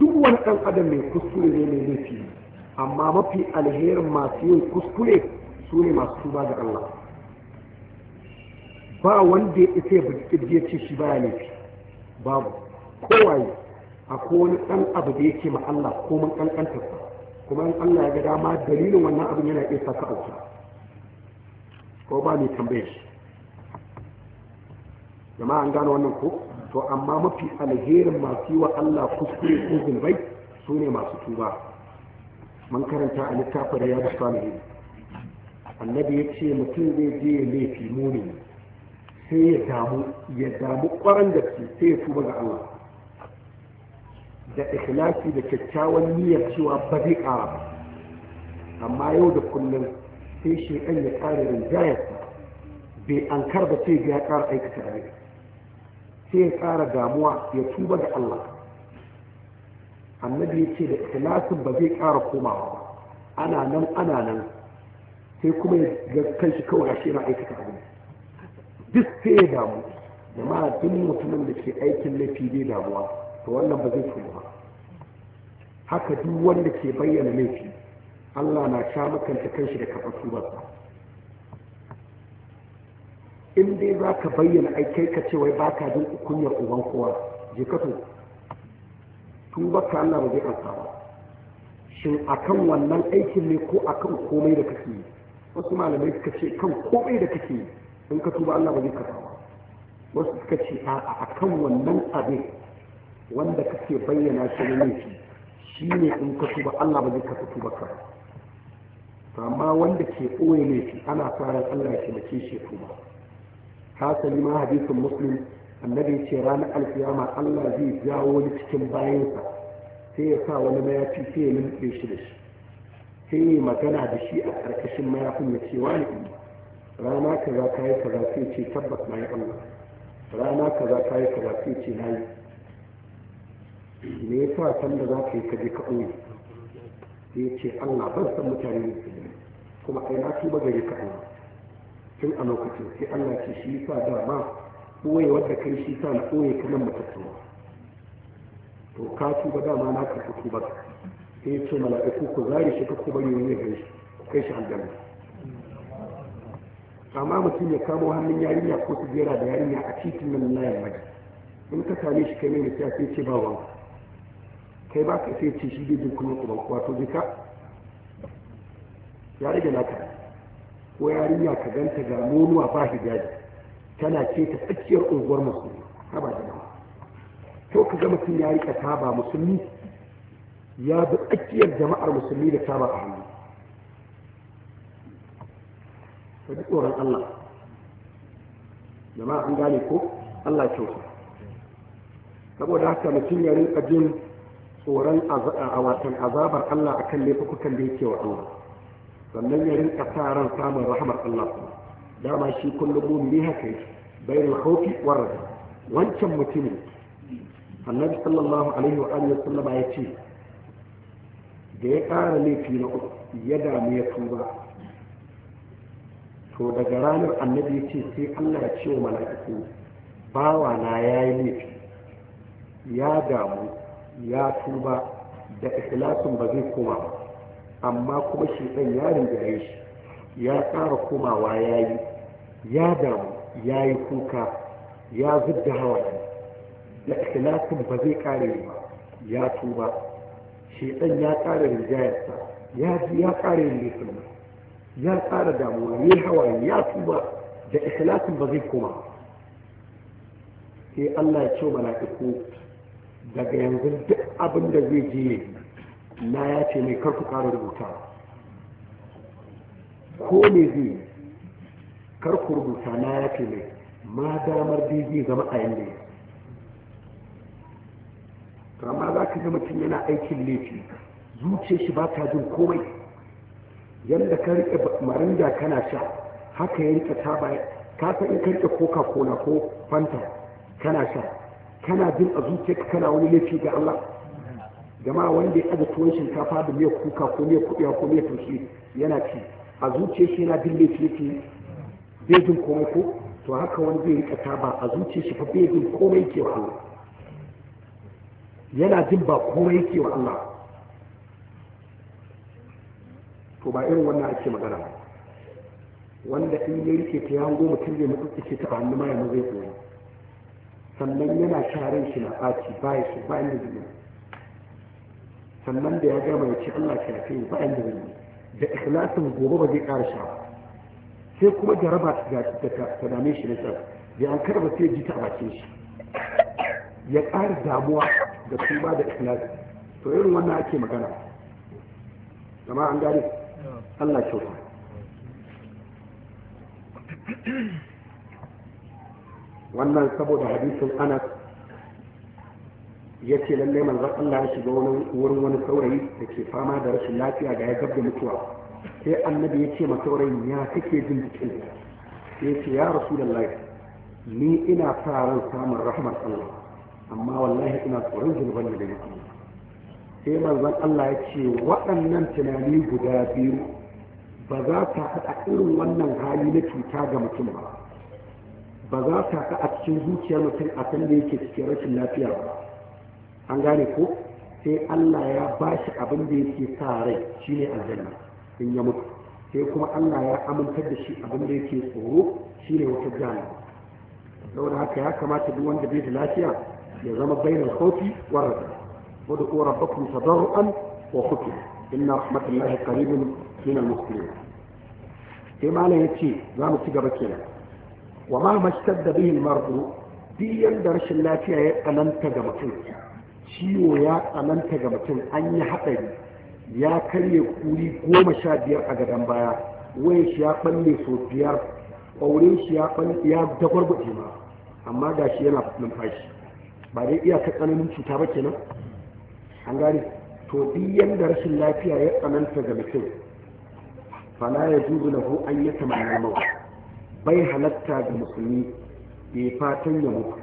duk wani ɗan adam mai kuskure ne mai laifi amma mafi alherin masu yin kuskure su ne masu tuba ga Allah ba wanda ya isa ya ya ce shi baya laifi babu kowaye akwai wani ɗan abu da yake ma Allah ko mun ƙanƙantarsa kuma in Allah ya ga dama dalilin wannan abin yana iya saka auki ko ba mai tambayar shi jama'a an gano wannan ko to amma mafi alherin masu yi wa Allah kuskure ko zunubai sune masu tuba mun karanta a littafin ya da annabi ya ce mutum zai je laifi muni sai ya damu ya damu kwaran gaske sai ya tuba ga Allah da ikhlasi da kyakkyawan niyyar cewa ba zai ƙara ba amma yau da kullum sai ɗan ya ƙara rinjayarsa bai an karba sai ya ƙara aikata aiki sai ya ƙara damuwa ya tuba ga Allah annabi ya ce da ikhlasin ba zai ƙara komawa ba ana nan ana nan sai kuma ya kanshi kawai a shi yana aikata abin duk sai ya damu jama'a duk mutumin da ke aikin laifi zai damuwa to wannan ba zai tuba ba haka duk wanda ke bayyana laifi Allah na sha makanta kanshi da kafa tubarsa in dai za ka bayyana aikai ka ce wai baka jin kunyar uban kowa je ka to tuba ka Allah ba zai amsa ba shin akan wannan aikin ne ko akan komai da kake yi wasu malamai suka ce kan komai da kake yi in ka tuba Allah ba zai karɓa wasu suka ce a akan wannan abin wanda kake bayyana shi na laifi shi ne in ka tuba Allah ba zai karɓa tuba ka amma wanda ke ne laifi ana fara Allah ya taimake shi tuba hasali ma hadisin muslim annabi ce ranar alfiyama Allah zai jawo wani cikin bayansa sai ya sa wani mayafi sai ya limfe shi da shi sai ya magana da shi a ƙarƙashin mayafin ya ce wani rana kaza ka yi kaza sai ce tabbas na yi Allah rana kaza ka yi kaza sai ce na yi me ya sa san da za ka yi kaje ka ɓoye ya ce Allah ban san mutane kuma kai na tuba gare ka Allah tun a lokacin sai Allah ce shi sa dama ɓoye wanda kai shi sa na ɓoye ka nan matattawa to ka tuba dama na ka tuba sai ce mala'iku ku zari shi ka ku bari wani ya kai shi aljanna amma mutum ya kamo hannun yarinya ko su jera da yarinya a titin nan na yamma in ka same shi kai mai mutum sai ce ba wanka kai ba ka sai ce shi bai kuma kuma wato jika ya rage naka ko yarinya ka ganta ga nonuwa ba hijabi tana ce ta tsakiyar unguwar musulmi haba da ba to ka ga mutum ya rika taba musulmi ya bi tsakiyar jama'ar musulmi da taba a hannu ka ji tsoron Allah jama'a an gane ko Allah kyauta saboda haka mutum ya rinka jin tsoron awatan azabar Allah akan kan da yake wa Allah sannan ya rinka sa ran samun rahmar Allah kuma dama shi kullum mu'mini haka yake bayan khawfi wa wancan mutumin annabi sallallahu alaihi wa alihi sallama ya ce da ya ƙara laifi na uku ya damu ya tuba to daga ranar annabi ce sai allah ya ce wa mala'iku bawa na ya yi laifi ya damu ya tuba da ikhlasin ba zai koma ba amma kuma shi ɗan yarin da ya shi ya ƙara komawa ya yi ya damu ya yi kuka ya zubda hawa da ikhlasin ba zai kare ba ya tuba shi ɗan ya ƙara rinjayarsa ya ji ya kare yin ya tsara damuwa ya hawaye ya tuba da ikhlasin ba zai koma sai Allah ya ce mala'iku daga yanzu duk abin da zai je na ya ce mai karku kare rubuta ko ne zai karku rubuta na ya ce mai ma damar da zai zama a yanda ya za ka ga mutum yana aikin laifi zuce shi ba ta jin komai yadda ka riƙe marinda kana sha haka ya riƙe taba ka san in ka riƙe coca cola ko fanta kana sha kana jin a zuciyarka kana wani laifi ga Allah jama'a wanda ya aje tuwon shinkafa da miyar kuka ko miyar kuɗi ko miyar tushe yana ci a zuciyar shi yana jin laifi yake bai jin komai ko to haka wani zai riƙa taba a zuciyar shi fa bai jin komai ke wa Allah yana jin ba komai ke wa Allah to ba irin wannan ake magana ba wanda in ya rike ta ya hango mutum zai mutsutsuke ta hannu ma mu zai tsoro sannan yana sharan shi na ɓaci ba shi ba da zai sannan da ya gama ya ce Allah ya shafe ba da zai da ikhlasin gobe ba zai ƙara sha sai kuma jaraba ta dame shi na can da an karba sai ji ta bakin shi ya ƙara damuwa da tuba da ikhlasi to irin wannan ake magana amma an gane Allah wannan saboda hadisin anas ya ce lalle manzon Allah ya shiga wurin wani saurayi da ke fama da rashin lafiya ga ya gab da mutuwa sai annabi ya ce masaurayin ya kake jin jikin ya ce ya rasu da ni ina sa samun rahmar Allah amma wallahi ina tsoron zunuban da nake sai manzon Allah ya ce waɗannan tunani guda biyu ba za ta haɗa irin wannan hali na cuta ga mutum ba ba za ta haɗa a cikin zuciyar mutum a kan da yake cikin rashin lafiya ba an gane ko sai Allah ya ba shi abin da yake sa rai shine aljanna in ya mutu sai kuma Allah ya amintar da shi abin da yake tsoro shine wata jana saboda haka ya kamata duk wanda bai da lafiya ya zama bainar khawfi wa raja wad'u rabbakum tadarruan wa khufiya inna rahmatallahi qaribun min al-muslimin sai malam ya ce za mu ci gaba kenan wa ma mashtar da bihin mardu biyan da rashin lafiya ya tsananta ga mutum ciwo ya tsananta ga mutum an yi haɗari ya karye kuri goma sha biyar a gadon baya wayan shi ya ɓalle sau biyar ƙaurin shi ya ɓalle ya dagwargwaje ma amma ga shi yana numfashi ba dai iyaka tsananin cuta ba kenan an gane to biyan da rashin lafiya ya tsananta ga mutum fala ya juzu lahu an ya tamanna mawa bai halatta ga musulmi bai fatan ya mutu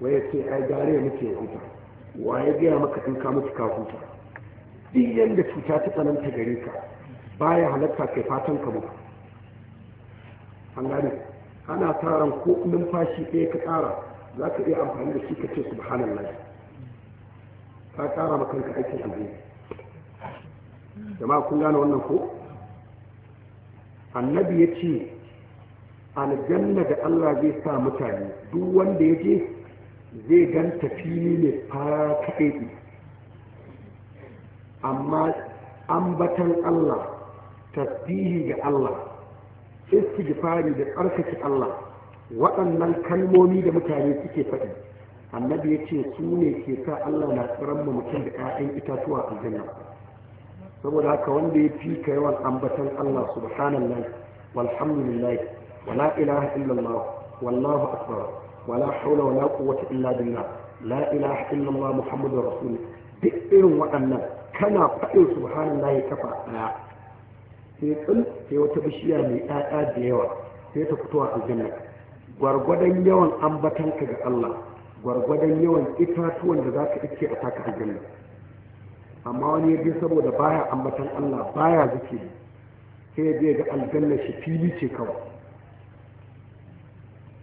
wai ya ai gare ya mutu wa ya gaya maka in ka mutu ka huta duk cuta ta tsananta gare ka baya halatta kai fatan ka mutu an gane taron ko numfashi ɗaya ka ƙara za ka iya amfani da shi ka ce subhanallah ka ƙara maka aikin alheri jama'a kun gane wannan ko annabi ya ce aljanna da allah zai sa mutane duk wanda ya je zai ganta fili ne fara amma ambatan allah tasbihi ga allah istighfari da tsarkake allah waɗannan kalmomi da mutane suke faɗi annabi ya ce su ne ke sa allah na mu mutum da 'ya'yan itatuwa aljanna saboda haka wanda ya fi ka yawan ambatan Allah subhanallah walhamdulillah wala ilaha illallah wallahu akbar wala haula wala quwwata illa billah la ilaha illallah muhammadur rasul duk irin waɗannan kana faɗin subhanallah kafa ɗaya sai tsin sai wata bishiya mai ɗaɗa da yawa sai ta fito a aljanna gwargwadon yawan ambatanka ga Allah gwargwadon yawan itatuwan da za ka ike a taka aljanna amma wani ya je saboda baya ambatan Allah baya zikiri sai ya je ga aljanna shi fili ce kawai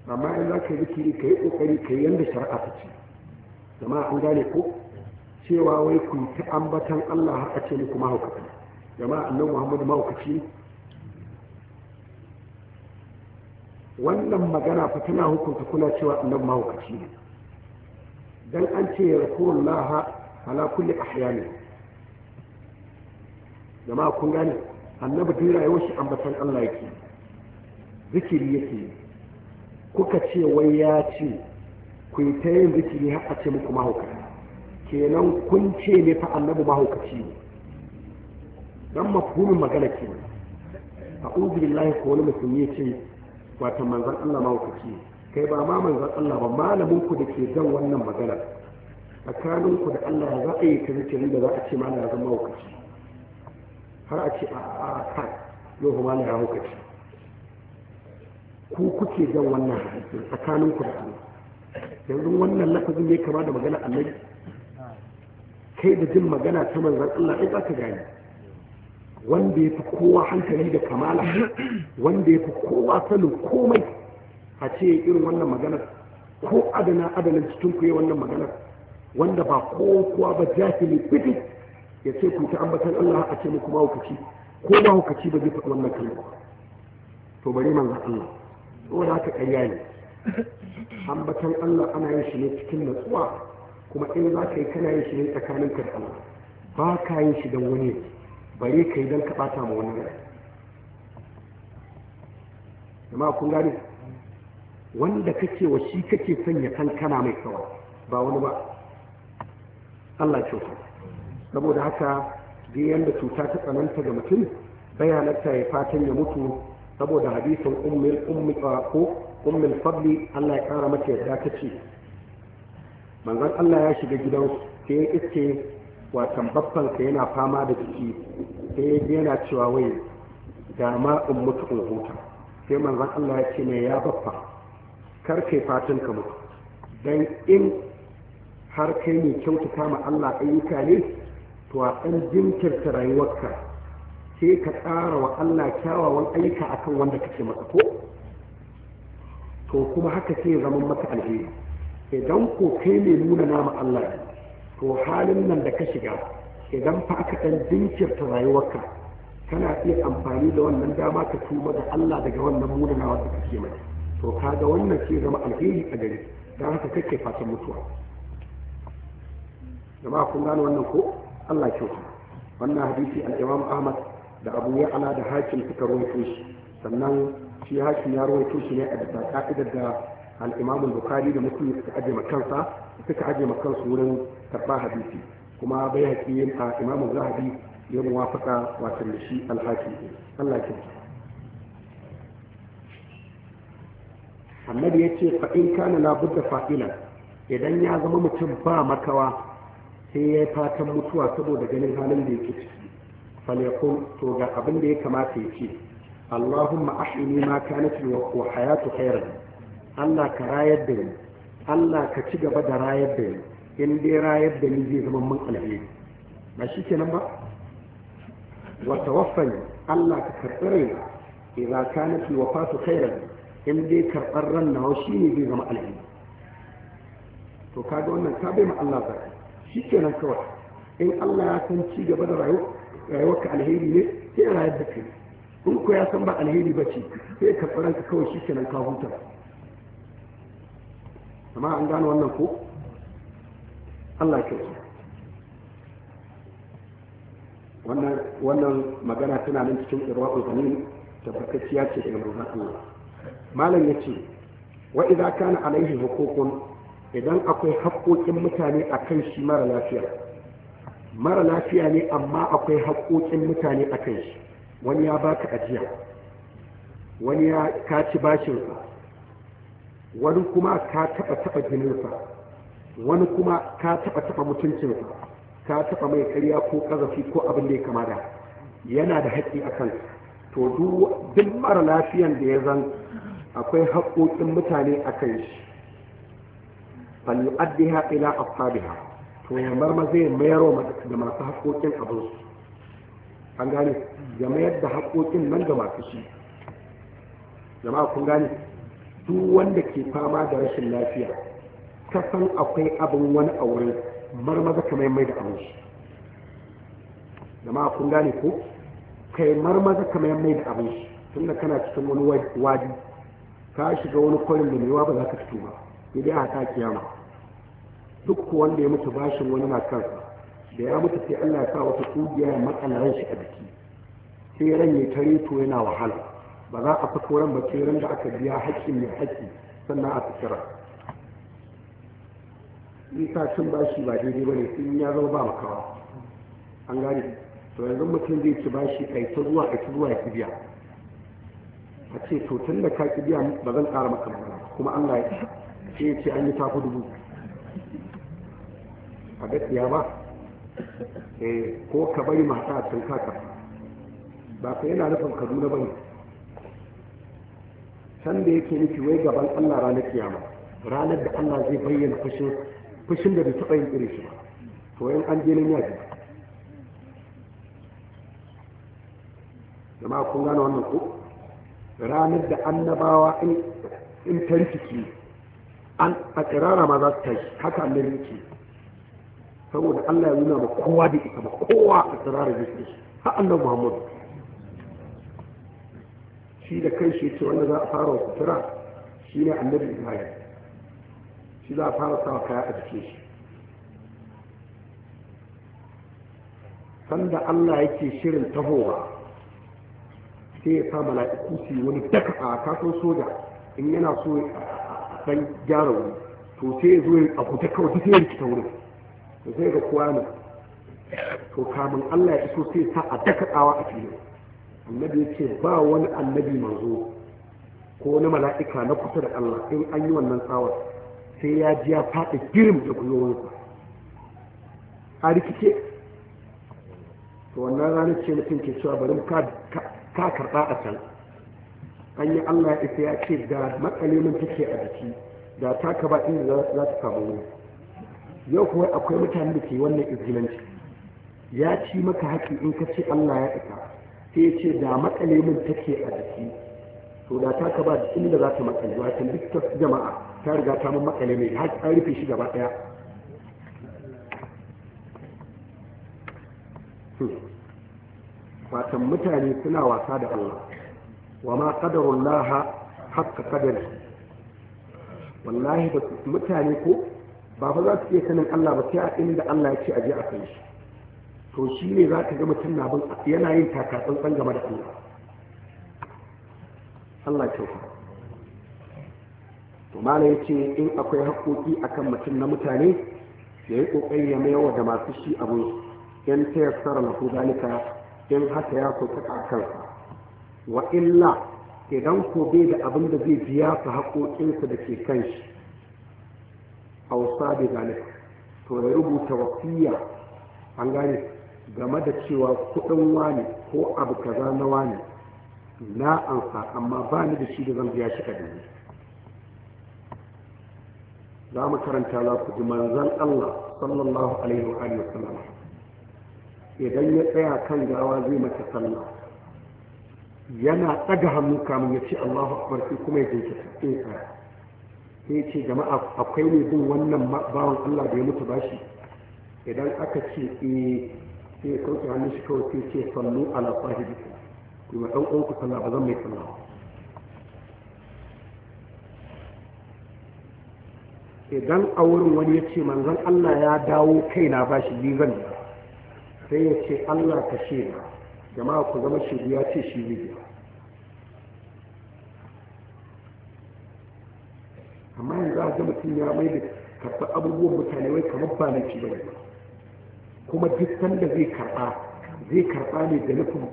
amma in za ka yi zikiri ka yi kokari ka yi yanda shari'a ta ce jama'a an gane ko cewa wai ku ta ambatan Allah har a ce muku mahaukaci jama'a annabi Muhammadu mahaukaci wannan magana fa tana hukunta kuna cewa annabi mahaukaci ne dan an ce ya laha ala kulli ahyani jama'a kun gane annabi duk rayuwar shi ambatan Allah yake zikiri yake kuka ce wai ya ce ku yi ta yin zikiri har a ce muku mahaukaci kenan kun ce ne fa annabi mahaukaci ne dan mafhumin magana ke a billahi ko wani musulmi ya ce wata manzan Allah mahaukaci ne kai ba ma manzan Allah ba malamin ku da ke jan wannan magana tsakanin ku da Allah za a yi ta zikirin da za a ce malamin ya zama mahaukaci har a ce a kai yau kuma ne a hukaci ku kuke jan wannan hadisin tsakanin ku da yanzu wannan lafazin ne kama da magana annabi kai da jin magana ta manzon Allah ai ka gani wanda ya fi kowa hankali da kamala wanda ya fi kowa sanin komai a ce irin wannan maganar ko adana adalan cikin ku wannan maganar wanda ba kowa ba jahili fitin ya ce ku ta ambatan Allah a ce muku mahaukaci ko mahaukaci ba zai faɗi wannan kalma to bari za Allah saboda ka ƙarya ne ambatan Allah ana yin shi ne cikin natsuwa kuma in za ka yi kana yin shi ne tsakanin ka da Allah ba ka yin shi don wani bare ka yi don ka ɓata ma wani rai jama'a kun gane wanda kake wa shi kake sanya kankana mai kawai ba wani ba Allah wa. saboda haka da yadda cuta ta tsananta ga mutum bayanarta ya fatan ya mutu saboda hadisin ummul ummi ko ummul fadli Allah ya kara mata yadda ta ce manzon Allah ya shiga gidan sai ya iske watan babbansa yana fama da jiki sai yana cewa wai da ma in mutu in huta sai manzon Allah ya ce mai ya babba kar kai fatan ka mutu dan in har kai mai kyautata ma Allah ayyuka ne to a ɗan jinkirta rayuwarka ke ka tsara wa Allah kyawawan aika akan wanda kake masa ko to kuma haka sai zama maka alheri idan ko kai ne nuna nama Allah to halin nan da ka shiga idan fa aka ɗan jinkirta rayuwarka kana iya amfani da wannan dama ka tuba da Allah daga wannan munanawar da kake mai to kaga wannan sai zama alheri a gare don haka kake fatan mutuwa jama'a kun gane wannan ko Allah kyauta wannan hadisi al-Imam Ahmad da Abu Ya'la da Hakim suka rawaito shi sannan shi Hakim ya rawaito shi ne a bisa ka'idar da al-Imam Bukhari da Muslim suka aje makansa suka aje makansu wurin karba hadisi kuma bai haƙi a Imam Zahabi ya muwafaka wato da shi al-Hakim Allah kyauta annabi ya ce fa in kana labudda fa'ilan idan ya zama mutum ba makawa sai ya yi fatan mutuwa saboda ganin halin da yake ciki falyakun to ga abin da ya kamata ya ce allahumma ahini ma nufi wa hayatu khairan allah ka rayar da ni allah ka ci gaba da rayar da ni in dai rayar da ni zai zama mun alheri ba shi kenan ba wa tawaffani allah ka karɓi raina idan wa wafatu khairan in dai karɓar ran nawa shine zai zama alheri to kaga wannan ka bai ma allah zakai shi kenan kawai in Allah ya san ci gaba da rayuwar ka alheri ne sai rayar da kai in ko ya san ba alheri ba ce sai ka tsaranka kawai shi kenan ka huta amma an gane wannan ko Allah ya kyauta wannan wannan magana tana nan cikin irwa'ul ghanim tabbatacciya ce daga manzon Allah malam yace wa idza kana alaihi hukukun idan akwai haƙoƙin mutane a kan shi mara lafiya mara lafiya ne amma akwai haƙoƙin mutane a kan shi wani ya baka ajiya wani ya kaci bashinsa wani kuma ka taɓa taɓa jininsa wani kuma ka taɓa taɓa mutuncinsa ka taɓa mai karya ko ƙazafi ko abin da ya kama da yana da haƙƙi a kan to duk mara lafiyan da ya zan akwai haƙoƙin mutane a kan shi falyu'addiha ila ashabiha to ya marma zai mayarwa da masu haƙoƙin abin su an gane ya mayar da haƙoƙin nan ga masu shi jama'a kun gane duk wanda ke fama da rashin lafiya ka san akwai abin wani a wurin marmaza ka mai da abin gane ko kai marmaza ka mai mai da abin shi kana cikin wani wadi ka shiga wani kwarin da mai ba za ka fito ba sai dai a haka kiyama duk wanda ya mutu bashin wani na kansa da ya mutu sai Allah ya sa wata kugiya ya makala ran shi a jiki sai ran ya tare to yana wahala ba za a fito ran ba sai ran da aka biya haƙƙin mai haƙƙi sannan a fitira isa cin bashi ba daidai ba ne sun ya zama ba makawa an gane to yanzu mutum zai ci bashi kai ta zuwa kai ta zuwa ya biya a ce to tun da ka biya ba zan ƙara maka ba kuma Allah ya ce an yi tafi dubu ka ga Eh ko ka bari mata a can kaka ba ka yana nufin kaduna ba ne can da yake nufi wai gaban allah ranar kiyama ranar da allah zai bayyana fushin fushin da bai taɓa yin irin shi ba to yan an je nan yaji jama'a kun gane wannan ko ranar da annabawa in tarkiki an a tsirara ma za su tashi haka annabi yake saboda Allah ya nuna ba kowa da ita ba kowa a tsirara yake har annabi Muhammadu shi da kai shi ce wanda za a fara sutura shi ne annabi Ibrahim shi za a fara sa kaya a jikin shi sanda Allah yake shirin tahowa sai ya sa mala'iku su wani daka a kasan soja in yana so a san gyara wuri to sai ya zo a kuta kawai duk ya rikita wurin Zai ga ga kwano to kamun Allah ya iso sai sa a daka tsawa a fili. annabi ya ce ba wani annabi manzo ko wani mala'ika na kusa da Allah in an yi wannan tsawar sai ya ji ya faɗi girin da ku a rikice to wannan ranar ce mutum ke cewa bari ka karɓa a can an yi Allah ya isa ya ce da matsalolin take a jiki da taka ba inda za ta samu wani yau kuma akwai mutane da ke wannan izgilanci ya ci maka haƙi in ka ce Allah ya isa sai ya ce da matsale min take a jiki to da ta ba da inda za ta matsale ba tun duk jama'a ta riga ta mun matsale mai har an rufe shi gaba ɗaya fatan hmm. mutane suna wasa da Allah wa ma qadarullah haqqa qadari wallahi da mutane ko ba ba za su iya sanin Allah ba sai a inda Allah ya ce a je a san shi to shi ne za ka ga mutum na bin yana yin taka-tsantsan game da Allah Allah to mana ya ce in akwai haƙoƙi akan mutum na mutane ya yi ƙoƙari ya mayawa da masu shi abu in ta tsara na ko zalika in haka ya so taka kansa wa illa idan ko bai da abin da zai biya su haƙoƙinsu da ke kan shi hausa da zalik to ya rubuta wasiya an gane game da cewa kudin wani ko abu kaza na wani na ansa amma ba ni da shi da zan biya shi kadin za mu karanta za ku ji manzan Allah sallallahu alaihi wa sallam. idan ya tsaya kan gawa zai mata sallah yana ɗaga hannu kamun ya ce Allahu akbar sai kuma ya jinkirta sai sai ce jama'a akwai ne bin wannan bawan Allah da ya mutu bashi idan aka ce eh sai ya kauce hannun shi kawai sai ce sallu ala sahibi ku ma dan ku sallah ba zan mai sallah idan a wurin wani ya ce manzon Allah ya dawo kaina bashi ni zan sai ya ce Allah ka ce jama'a ku zama ya ce shi ne amma yanzu a ga mutum ya mai da karɓar abubuwan mutane wai kamar ba na ci bane kuma duk sanda zai karɓa zai karɓa ne da nufin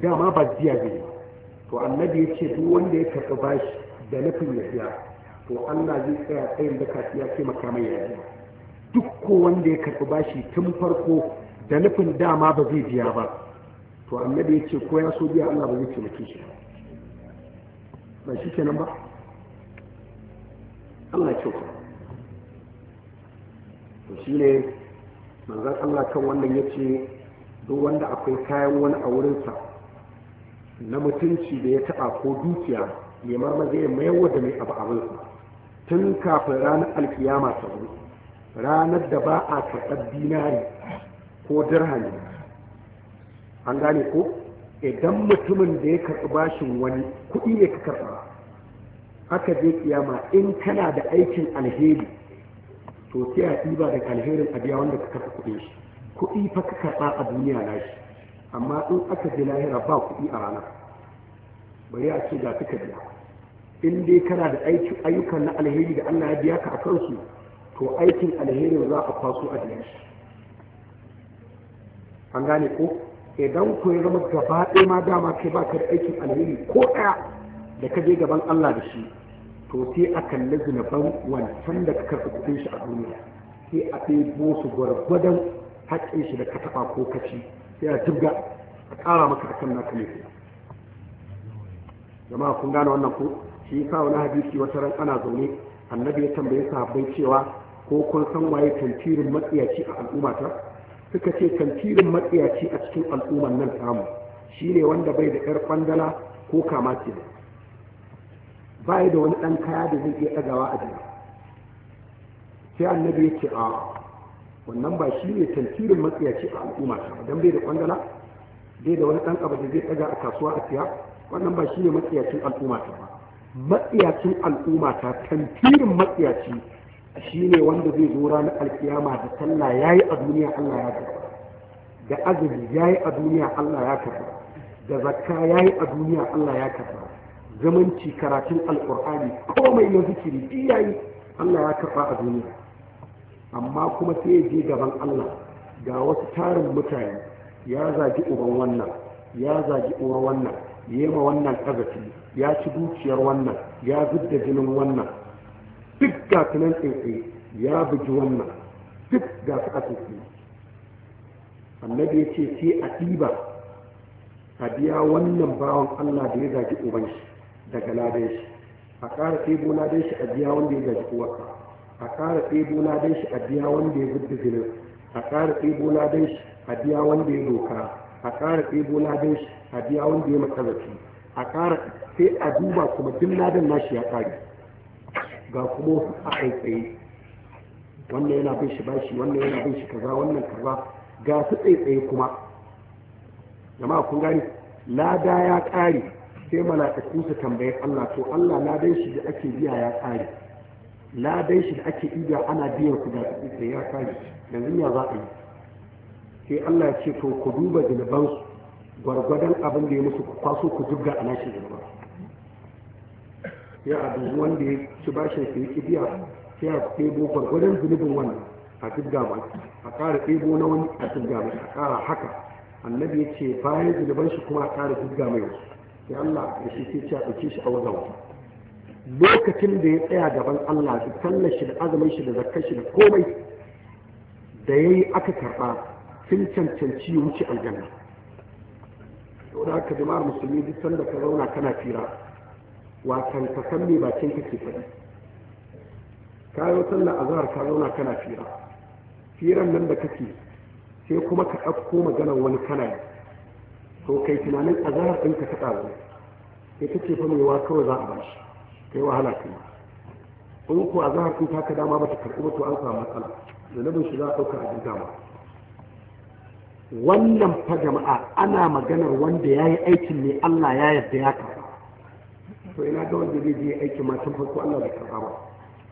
dama ba biya zai to annabi ya ce duk wanda ya karɓi bashi da nufin ya biya to Allah zai tsaya tsayin da kafi ya taimaka mai yayi duk ko wanda ya karɓi bashi tun farko da nufin dama ba zai biya ba to annabi ya ce ko ya so biya Allah ba zai mutum shi ba shi kenan ba Allah kyau to shi ne manzan Allah kan wannan ya ce duk wanda akwai kayan wani a wurinsa na mutunci da ya taɓa ko dukiya ya ma zai mayar da mai abu abinsa tun kafin ranar alkiyama ta zo ranar da ba a karɓar dinari ko dirhami an gane ko idan mutumin da ya karɓi bashin wani kuɗi ne ka karɓa aka je kiyama in kana da aikin alheri to sai a ɗiba daga alherin a biya wanda ka kafa kuɗin shi kuɗi fa ka karɓa a duniya na shi amma in aka je lahira ba kuɗi a rana bari a ce ga suka biya in dai kana da ayyukan na alheri da Allah ya biya ka a kansu to aikin alherin za a kwaso a biya shi an gane ko idan ku ya zama gaba ɗaya ma dama kai ba ka da aikin alheri ko ɗaya da ka je gaban Allah da shi to sai a kalli zunuban wancan da ka karɓi shi a duniya sai a sai su gwargwadon haƙƙin shi da ka taɓa ko kaci sai a jibga a ƙara maka a kan naka Zama a kun gane wannan ko shi sa wani hadisi wata ran ana zaune annabi ya tambaye sahabbai cewa ko kun san waye tantirin matsiyaci a al'ummata suka ce tantirin matsiyaci a cikin al'umman nan tamu shine wanda bai da 'yar kwandala ko kama ce Ba ya da wani ɗan kaya da zai iya ɗagawa a jiya? sai annabi ya ce a wannan ba shi ne tantirin matsiyaci a al'umma ta ba. don bai da kwandala bai da wani ɗan abu da zai ɗaga a kasuwa a siya wannan ba shi ne matsiyacin al'umma ta ba matsiyacin al'umma ta tantirin matsiyaci shi ne wanda zai zo ranar alkiyama da sallah ya yi a duniya allah ya karɓa da azumi ya yi a duniya allah ya karɓa da zakka ya yi a duniya allah ya karɓa zamanci karatun alkur'ani komai yanzu zikiri iyayi Allah ya karɓa a duniya amma kuma sai ya je gaban Allah ga wasu tarin mutane ya zagi uban wannan ya zagi uwar wannan yema wannan ƙazafi, ya ci dukiyar wannan ya zidda jinin wannan duk ga tunan tsaye ya bugi wannan duk ga su a tsaye annabi ya ce sai a ɗiba a biya wannan bawan Allah da ya zagi uban shi daga ladan shi a ƙara ɗebo ladan shi a biya wanda ya gaji uwarsa a ƙara ɗebo ladan shi a biya wanda ya gudu zinin a ƙara ɗebo ladan shi a biya wanda ya doka a ƙara ɗebo ladan shi a biya wanda ya matsalaci a ƙara sai a duba kuma duk ladan nashi ya ƙare ga kuma wasu a kai tsaye wannan yana bin shi bashi wannan yana bin shi kaza wannan kaza ga su tsaye tsaye kuma jama'a kun gani lada ya ƙare sai malakatun su tambayi Allah to Allah dai shi da ake biya ya kare dai shi da ake iya ana biyan ku da kuɗi sai ya kare yanzu ya za a yi sai Allah ya ce to ku duba zunuban su gwargwadon abin da ya musu ku kwaso ku jibga a nashi zunuban ya a dubu wanda ya ci bashin sai ya biya sai a ɗebo gwargwadon zunubin wannan a jibga ba a ƙara ɗebo na wani a jibga ba a ƙara haka annabi ya ce bayan zunuban shi kuma a ƙara jibga mai wasu sai Allah ya shi ke cewa ɗauke shi a wajen wata lokacin da ya tsaya gaban Allah da sallar shi da azumin shi da zakkar shi da komai da ya yi aka karɓa sun cancanci wuce aljanna to da haka jama'ar musulmi duk sanda ka zauna kana fira wasan ka san me bakin ke faɗi ka yi sallar azhar ka zauna kana fira firan nan da kake sai kuma ka ɗauko maganar wani kana yi to kai tunanin azahar ɗinka ba ne ita ce fa wa kawai za a shi kai wahala kuma in ko azahar ɗin ta ka dama ba ta karɓi ba an samu matsala da nabin shi za a ɗauka a jirga dama wannan fa jama'a ana maganar wanda ya yi aikin ne Allah ya yarda ya karɓa to ina ga wanda zai je aikin ma tun farko Allah bai karɓa ba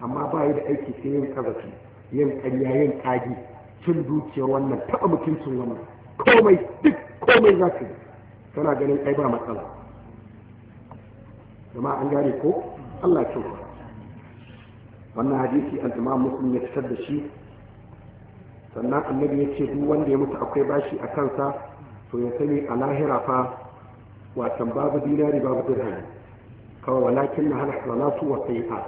amma ba yi da aiki sai yin kazafi yin ƙarya yin ƙagi cin dukiyar wannan taɓa mutuncin wannan komai duk komai za ka yi tana ganin ai ba matsala kuma an gane ko Allah ya tsoro wannan hadisi al-Imam ya fitar da shi sannan annabi ya ce duk wanda ya mutu akwai bashi a kansa to ya sani a lahira fa watan babu dinari babu dirhami kawai walakin na halaka wala su wa sai'a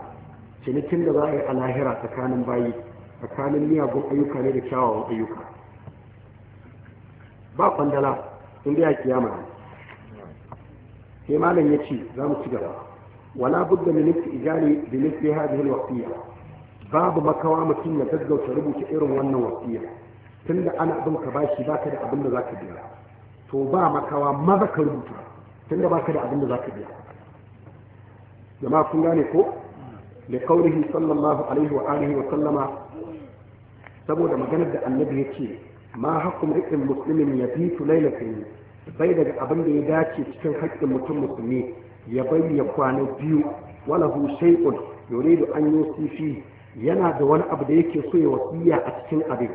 cinikin da za a yi a lahira tsakanin bayi tsakanin miyagun ayyuka ne da kyawawan ayyuka ba kwandala in da ya kiyama sai malam ya ce za mu ci gaba wala budda min ijali bi misli hadhihi alwaqtiya babu makawa mutum ya gaggauta rubuta irin wannan wasiya tunda ana bin ka bashi ka da abin da za ka biya to ba makawa maza ka rubuta tunda ka da abin da za ka biya jama'a kun gane ko li qawlihi sallallahu alaihi wa alihi wa sallama saboda maganar da annabi ya ce ma hakum rikin muslimin ya bitu lailatin bai daga abin da ya dace cikin haƙƙin mutum musulmi ya bai ya kwana biyu walahu shay'un yuridu an yusifi yana da wani abu da yake so ya wasiya a cikin abin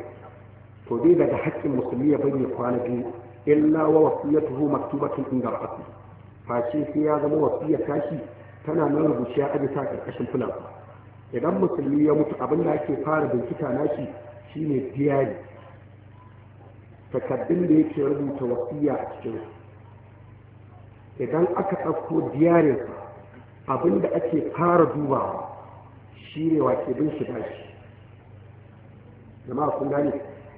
to dai daga haƙƙin musulmi ya bai ya kwana biyu illa wa wasiyatuhu maktubatun inda rafi shi sai ya zama wasiyar tashi tana nan rubuciya a bisa ƙarƙashin fulan idan musulmi ya mutu abin da ake fara bincika nashi shine diyari takaddun da yake rubuta wasiya a cikin idan aka ɗauko diyarinsa abin da ake fara dubawa shi ne wake bin shi ba shi jama'a kun gane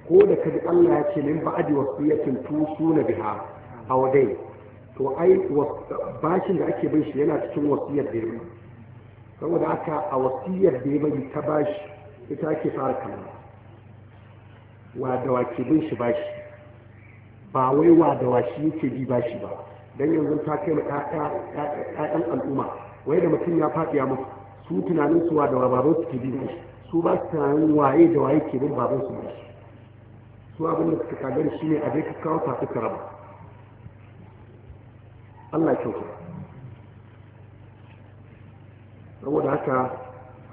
ko da kaji Allah ya ce min ba'adi wasiyatin suna biha a wadai to ai bashin da ake bin shi yana cikin wasiyar da ya saboda aka a wasiyar da ya bari ta bashi ita ake fara kama. wa da wake bin shi bashi ba wai wa da wa shi yake bi ba shi ba dan yanzu ta kai ma ƴaƴan al'umma wai da mutum ya faɗi ya mutu su tunanin wa da babu su ke bin shi su ba su tunanin waye da waye ke bin babu su ba su abin da suka kagari shi ne a dai ka kawo fafi ka raba Allah ya kyauta saboda haka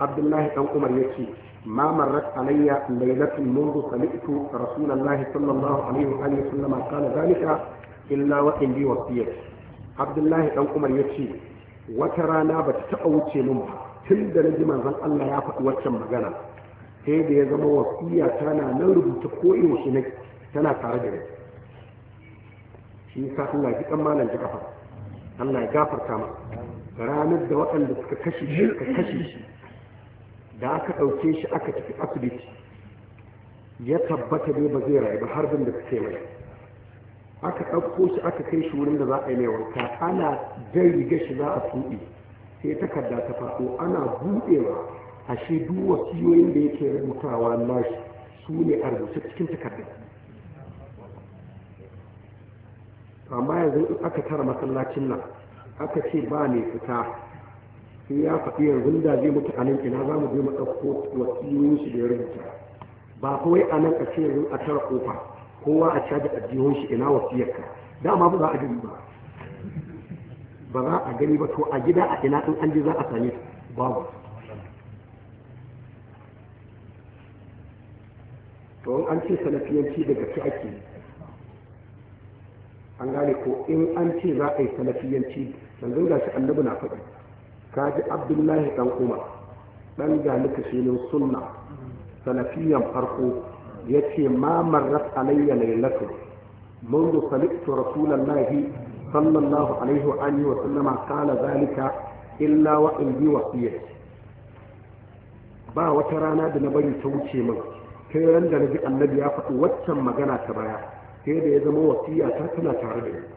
Abdullahi dan Umar ya ce ما مرت علي ليلة منذ سمعت رسول الله صلى الله عليه وآله وسلم قال ذلك إلا وإن لي وصية عبد الله بن عمر يكشي وترانا بتتأوتي منها tunda na ji manzon Allah ya faɗi waccan magana sai da ya zama wasiya tana nan rubuta ko yaushe ne tana tare da rai shi yasa Allah ya kan malam ji kafa Allah ya gafarta ma. ranar da waɗanda suka kashe shi suka kashe shi da aka ɗauke shi aka tafi asibiti ya tabbata ne ba zai rayu ba bin da ke mai aka ɗauko shi aka kai shi wurin da za a yi mai wanka ana jan riga shi za a tuɗi sai takarda ta farko ana buɗewa a shi duk wasiyoyin da yake rubutawa shi su ne a rubuce cikin takarda amma yanzu in aka tara masallacin nan aka ce ba ne fita sai ya faɗi yanzu da zai mutu a nan ina za mu je mu ɗauko wasiyoyin shi da ya rubuta ba kawai a nan a ce yanzu a tara kofa kowa a caji ajihun shi ina wasiyarka dama ba za a gani ba ba za a gani ba to a gida a ina in an je za a same su babu to an ce sanafiyanci daga ci ake an gane ko in an ce za a yi sanafiyanci yanzu ga shi annabi na faɗi kaji abdullahi dan umar dan galika sunna salafiyan farko ya ce ma marrat alayya lailatu منذ سمعت رسول الله صلى الله عليه وآله وسلم قال ذلك إلا وإن بي وصيتي ba wata rana da na bari ta wuce min sai ran da ji annabi ya faɗi waccan magana ta baya sai da ya zama wasiya tana tare da ni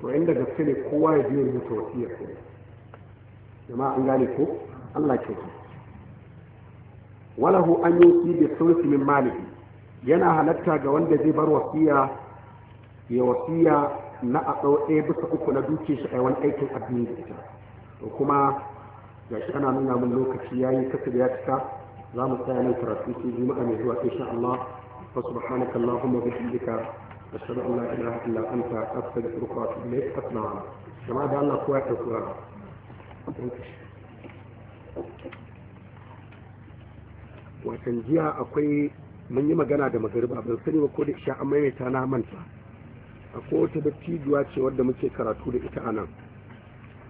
to inda gaske ne kowa ya biyo rubuta wasiyar ku jama'a an gane ko Allah ke ku walahu an yusi da sulsi min maliki. yana halatta ga wanda zai bar wasiya ya wasiya na a tsawo ɗaya bisa uku na duke shi a yawan aikin abin da ita to kuma ga shi ana nuna min lokaci ya yi da ya cika za mu tsaya nan karatu sai juma'a mai zuwa insha Allah fa subhanaka Allahumma bihamdika أشهد أن لا jiya akwai mun yi magana da magariba ban sani ba ko da isha an maimaita na manta akwai wata dattijuwa ce wadda muke karatu da ita a nan